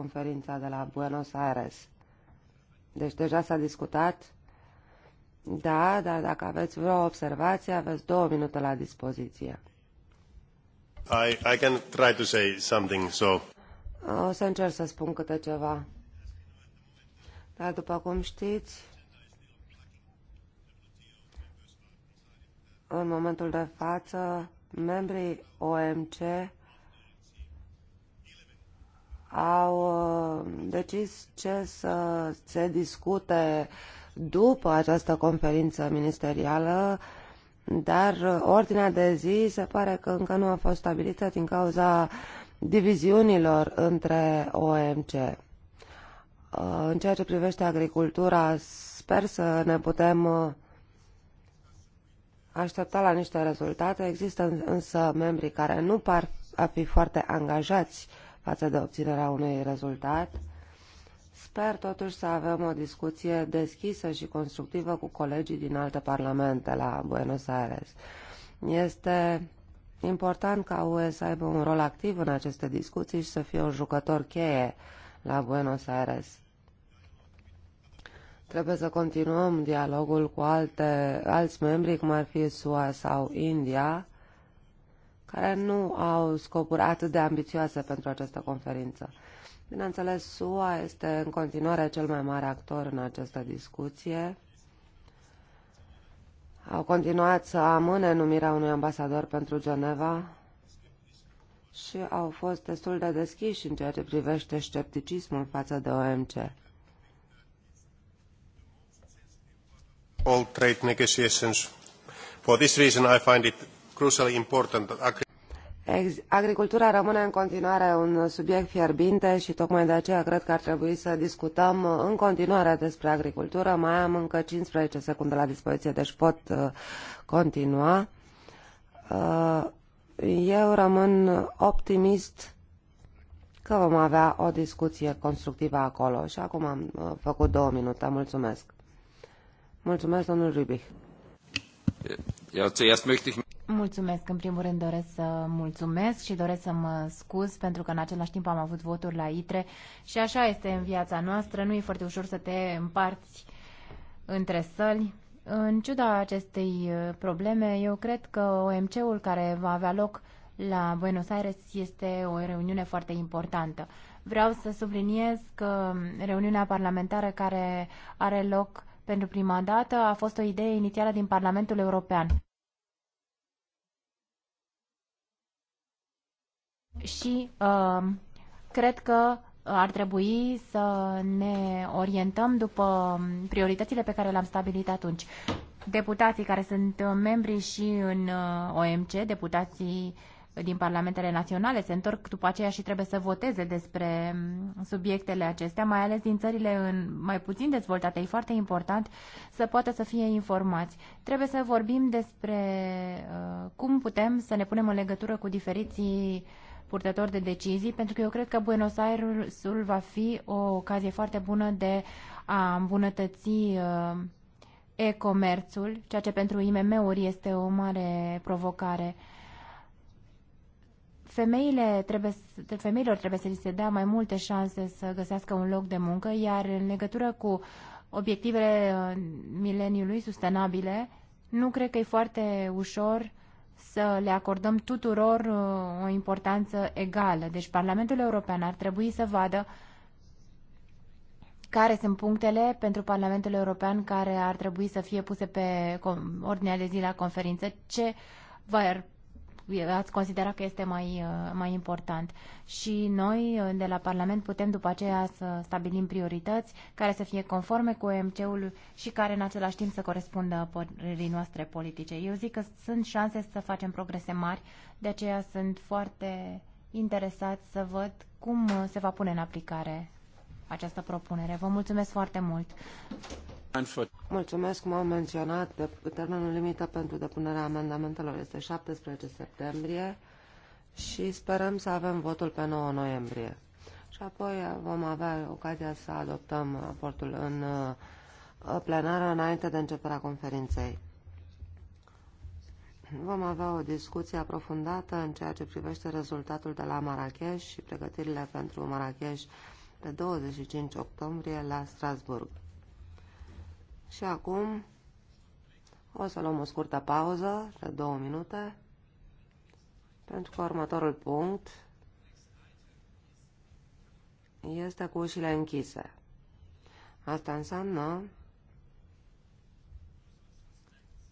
conferința de la Buenos Aires. Deci deja s-a discutat. Da, dar dacă aveți vreo observație, aveți două minute la dispoziție. I, I can try to say something, so... O să încerc să spun câte ceva. Dar după cum știți, în momentul de față, membrii OMC au uh, decis ce să se discute după această conferință ministerială, dar ordinea de zi se pare că încă nu a fost stabilită din cauza diviziunilor între OMC. Uh, în ceea ce privește agricultura, sper să ne putem uh, aștepta la niște rezultate. Există însă membrii care nu par a fi foarte angajați uh, față de obținerea unui rezultat. Sper totuși să avem o discuție deschisă și constructivă cu colegii din alte parlamente la Buenos Aires. Este important ca UE să aibă un rol activ în aceste discuții și să fie un jucător cheie la Buenos Aires. Trebuie să continuăm dialogul cu alte, alți membri, cum ar fi SUA sau India, care nu au scopuri atât de ambițioase pentru această conferință. Bineînțeles, SUA este în continuare cel mai mare actor în această discuție. Au continuat să amâne numirea unui ambasador pentru Geneva și au fost destul de deschiși în ceea ce privește scepticismul față de OMC. All trade negotiations. For this reason, I find it crucially important that Agricultura rămâne în continuare un subiect fierbinte și tocmai de aceea cred că ar trebui să discutăm uh, în continuare despre agricultură. Mai am încă 15 secunde la dispoziție, deci pot uh, continua. Uh, eu rămân optimist că vom avea o discuție constructivă acolo și acum am făcut două minute. Mulțumesc. Mulțumesc, domnul Rubich. Ja, zuerst möchte ich Mulțumesc. În primul rând doresc să mulțumesc și doresc să mă scuz pentru că în același timp am avut voturi la ITRE și așa este în viața noastră. Nu e foarte ușor să te împarți între săli. În ciuda acestei uh, probleme, eu cred că OMC-ul care va avea loc la Buenos Aires este o reuniune foarte importantă. Vreau să subliniez că reuniunea parlamentară care are loc pentru prima dată a fost o idee inițială din Parlamentul European. și uh, cred că ar trebui să ne orientăm după prioritățile pe care le-am stabilit atunci. Deputații care sunt membri și în uh, OMC, deputații din parlamentele naționale, se întorc după aceea și trebuie să voteze despre um, subiectele acestea, mai ales din țările în mai puțin dezvoltate. E foarte important să poată să fie informați. Trebuie să vorbim despre uh, cum putem să ne punem în legătură cu diferiții uh, purtător de decizii, pentru că eu cred că Buenos Airesul va fi o ocazie foarte bună de a îmbunătăți uh, e-comerțul, ceea ce pentru IMM-uri este o mare provocare. Femeile trebuie, femeilor trebuie să li se dea mai multe șanse să găsească un loc de muncă, iar în legătură cu obiectivele uh, mileniului sustenabile, nu cred că e foarte ușor să le acordăm tuturor uh, o importanță egală. Deci Parlamentul European ar trebui să vadă care sunt punctele pentru Parlamentul European care ar trebui să fie puse pe ordinea de zi la conferință, ce va ați considera că este mai, uh, mai important. Și noi uh, de la Parlament putem după aceea să stabilim priorități care să fie conforme cu OMC-ul și care în același timp să corespundă părerii noastre politice. Eu zic că sunt șanse să facem progrese mari, de aceea sunt foarte interesat să văd cum uh, se va pune în aplicare această propunere. Vă mulțumesc foarte mult! Mulțumesc, cum am menționat, termenul limită pentru depunerea amendamentelor este 17 septembrie și sperăm să avem votul pe 9 noiembrie. Și apoi uh, vom avea ocazia să adoptăm raportul în uh, plenară înainte de începerea conferinței. Vom avea o discuție aprofundată în ceea ce privește rezultatul de la Marrakesh și pregătirile pentru Marrakesh pe 25 octombrie la Strasburg. Și acum o să luăm o scurtă pauză de două minute, pentru că următorul punct este cu ușile închise. Asta înseamnă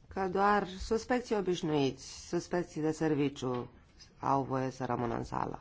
că doar suspecții obișnuiți, suspecții de serviciu, au voie să rămână în sală.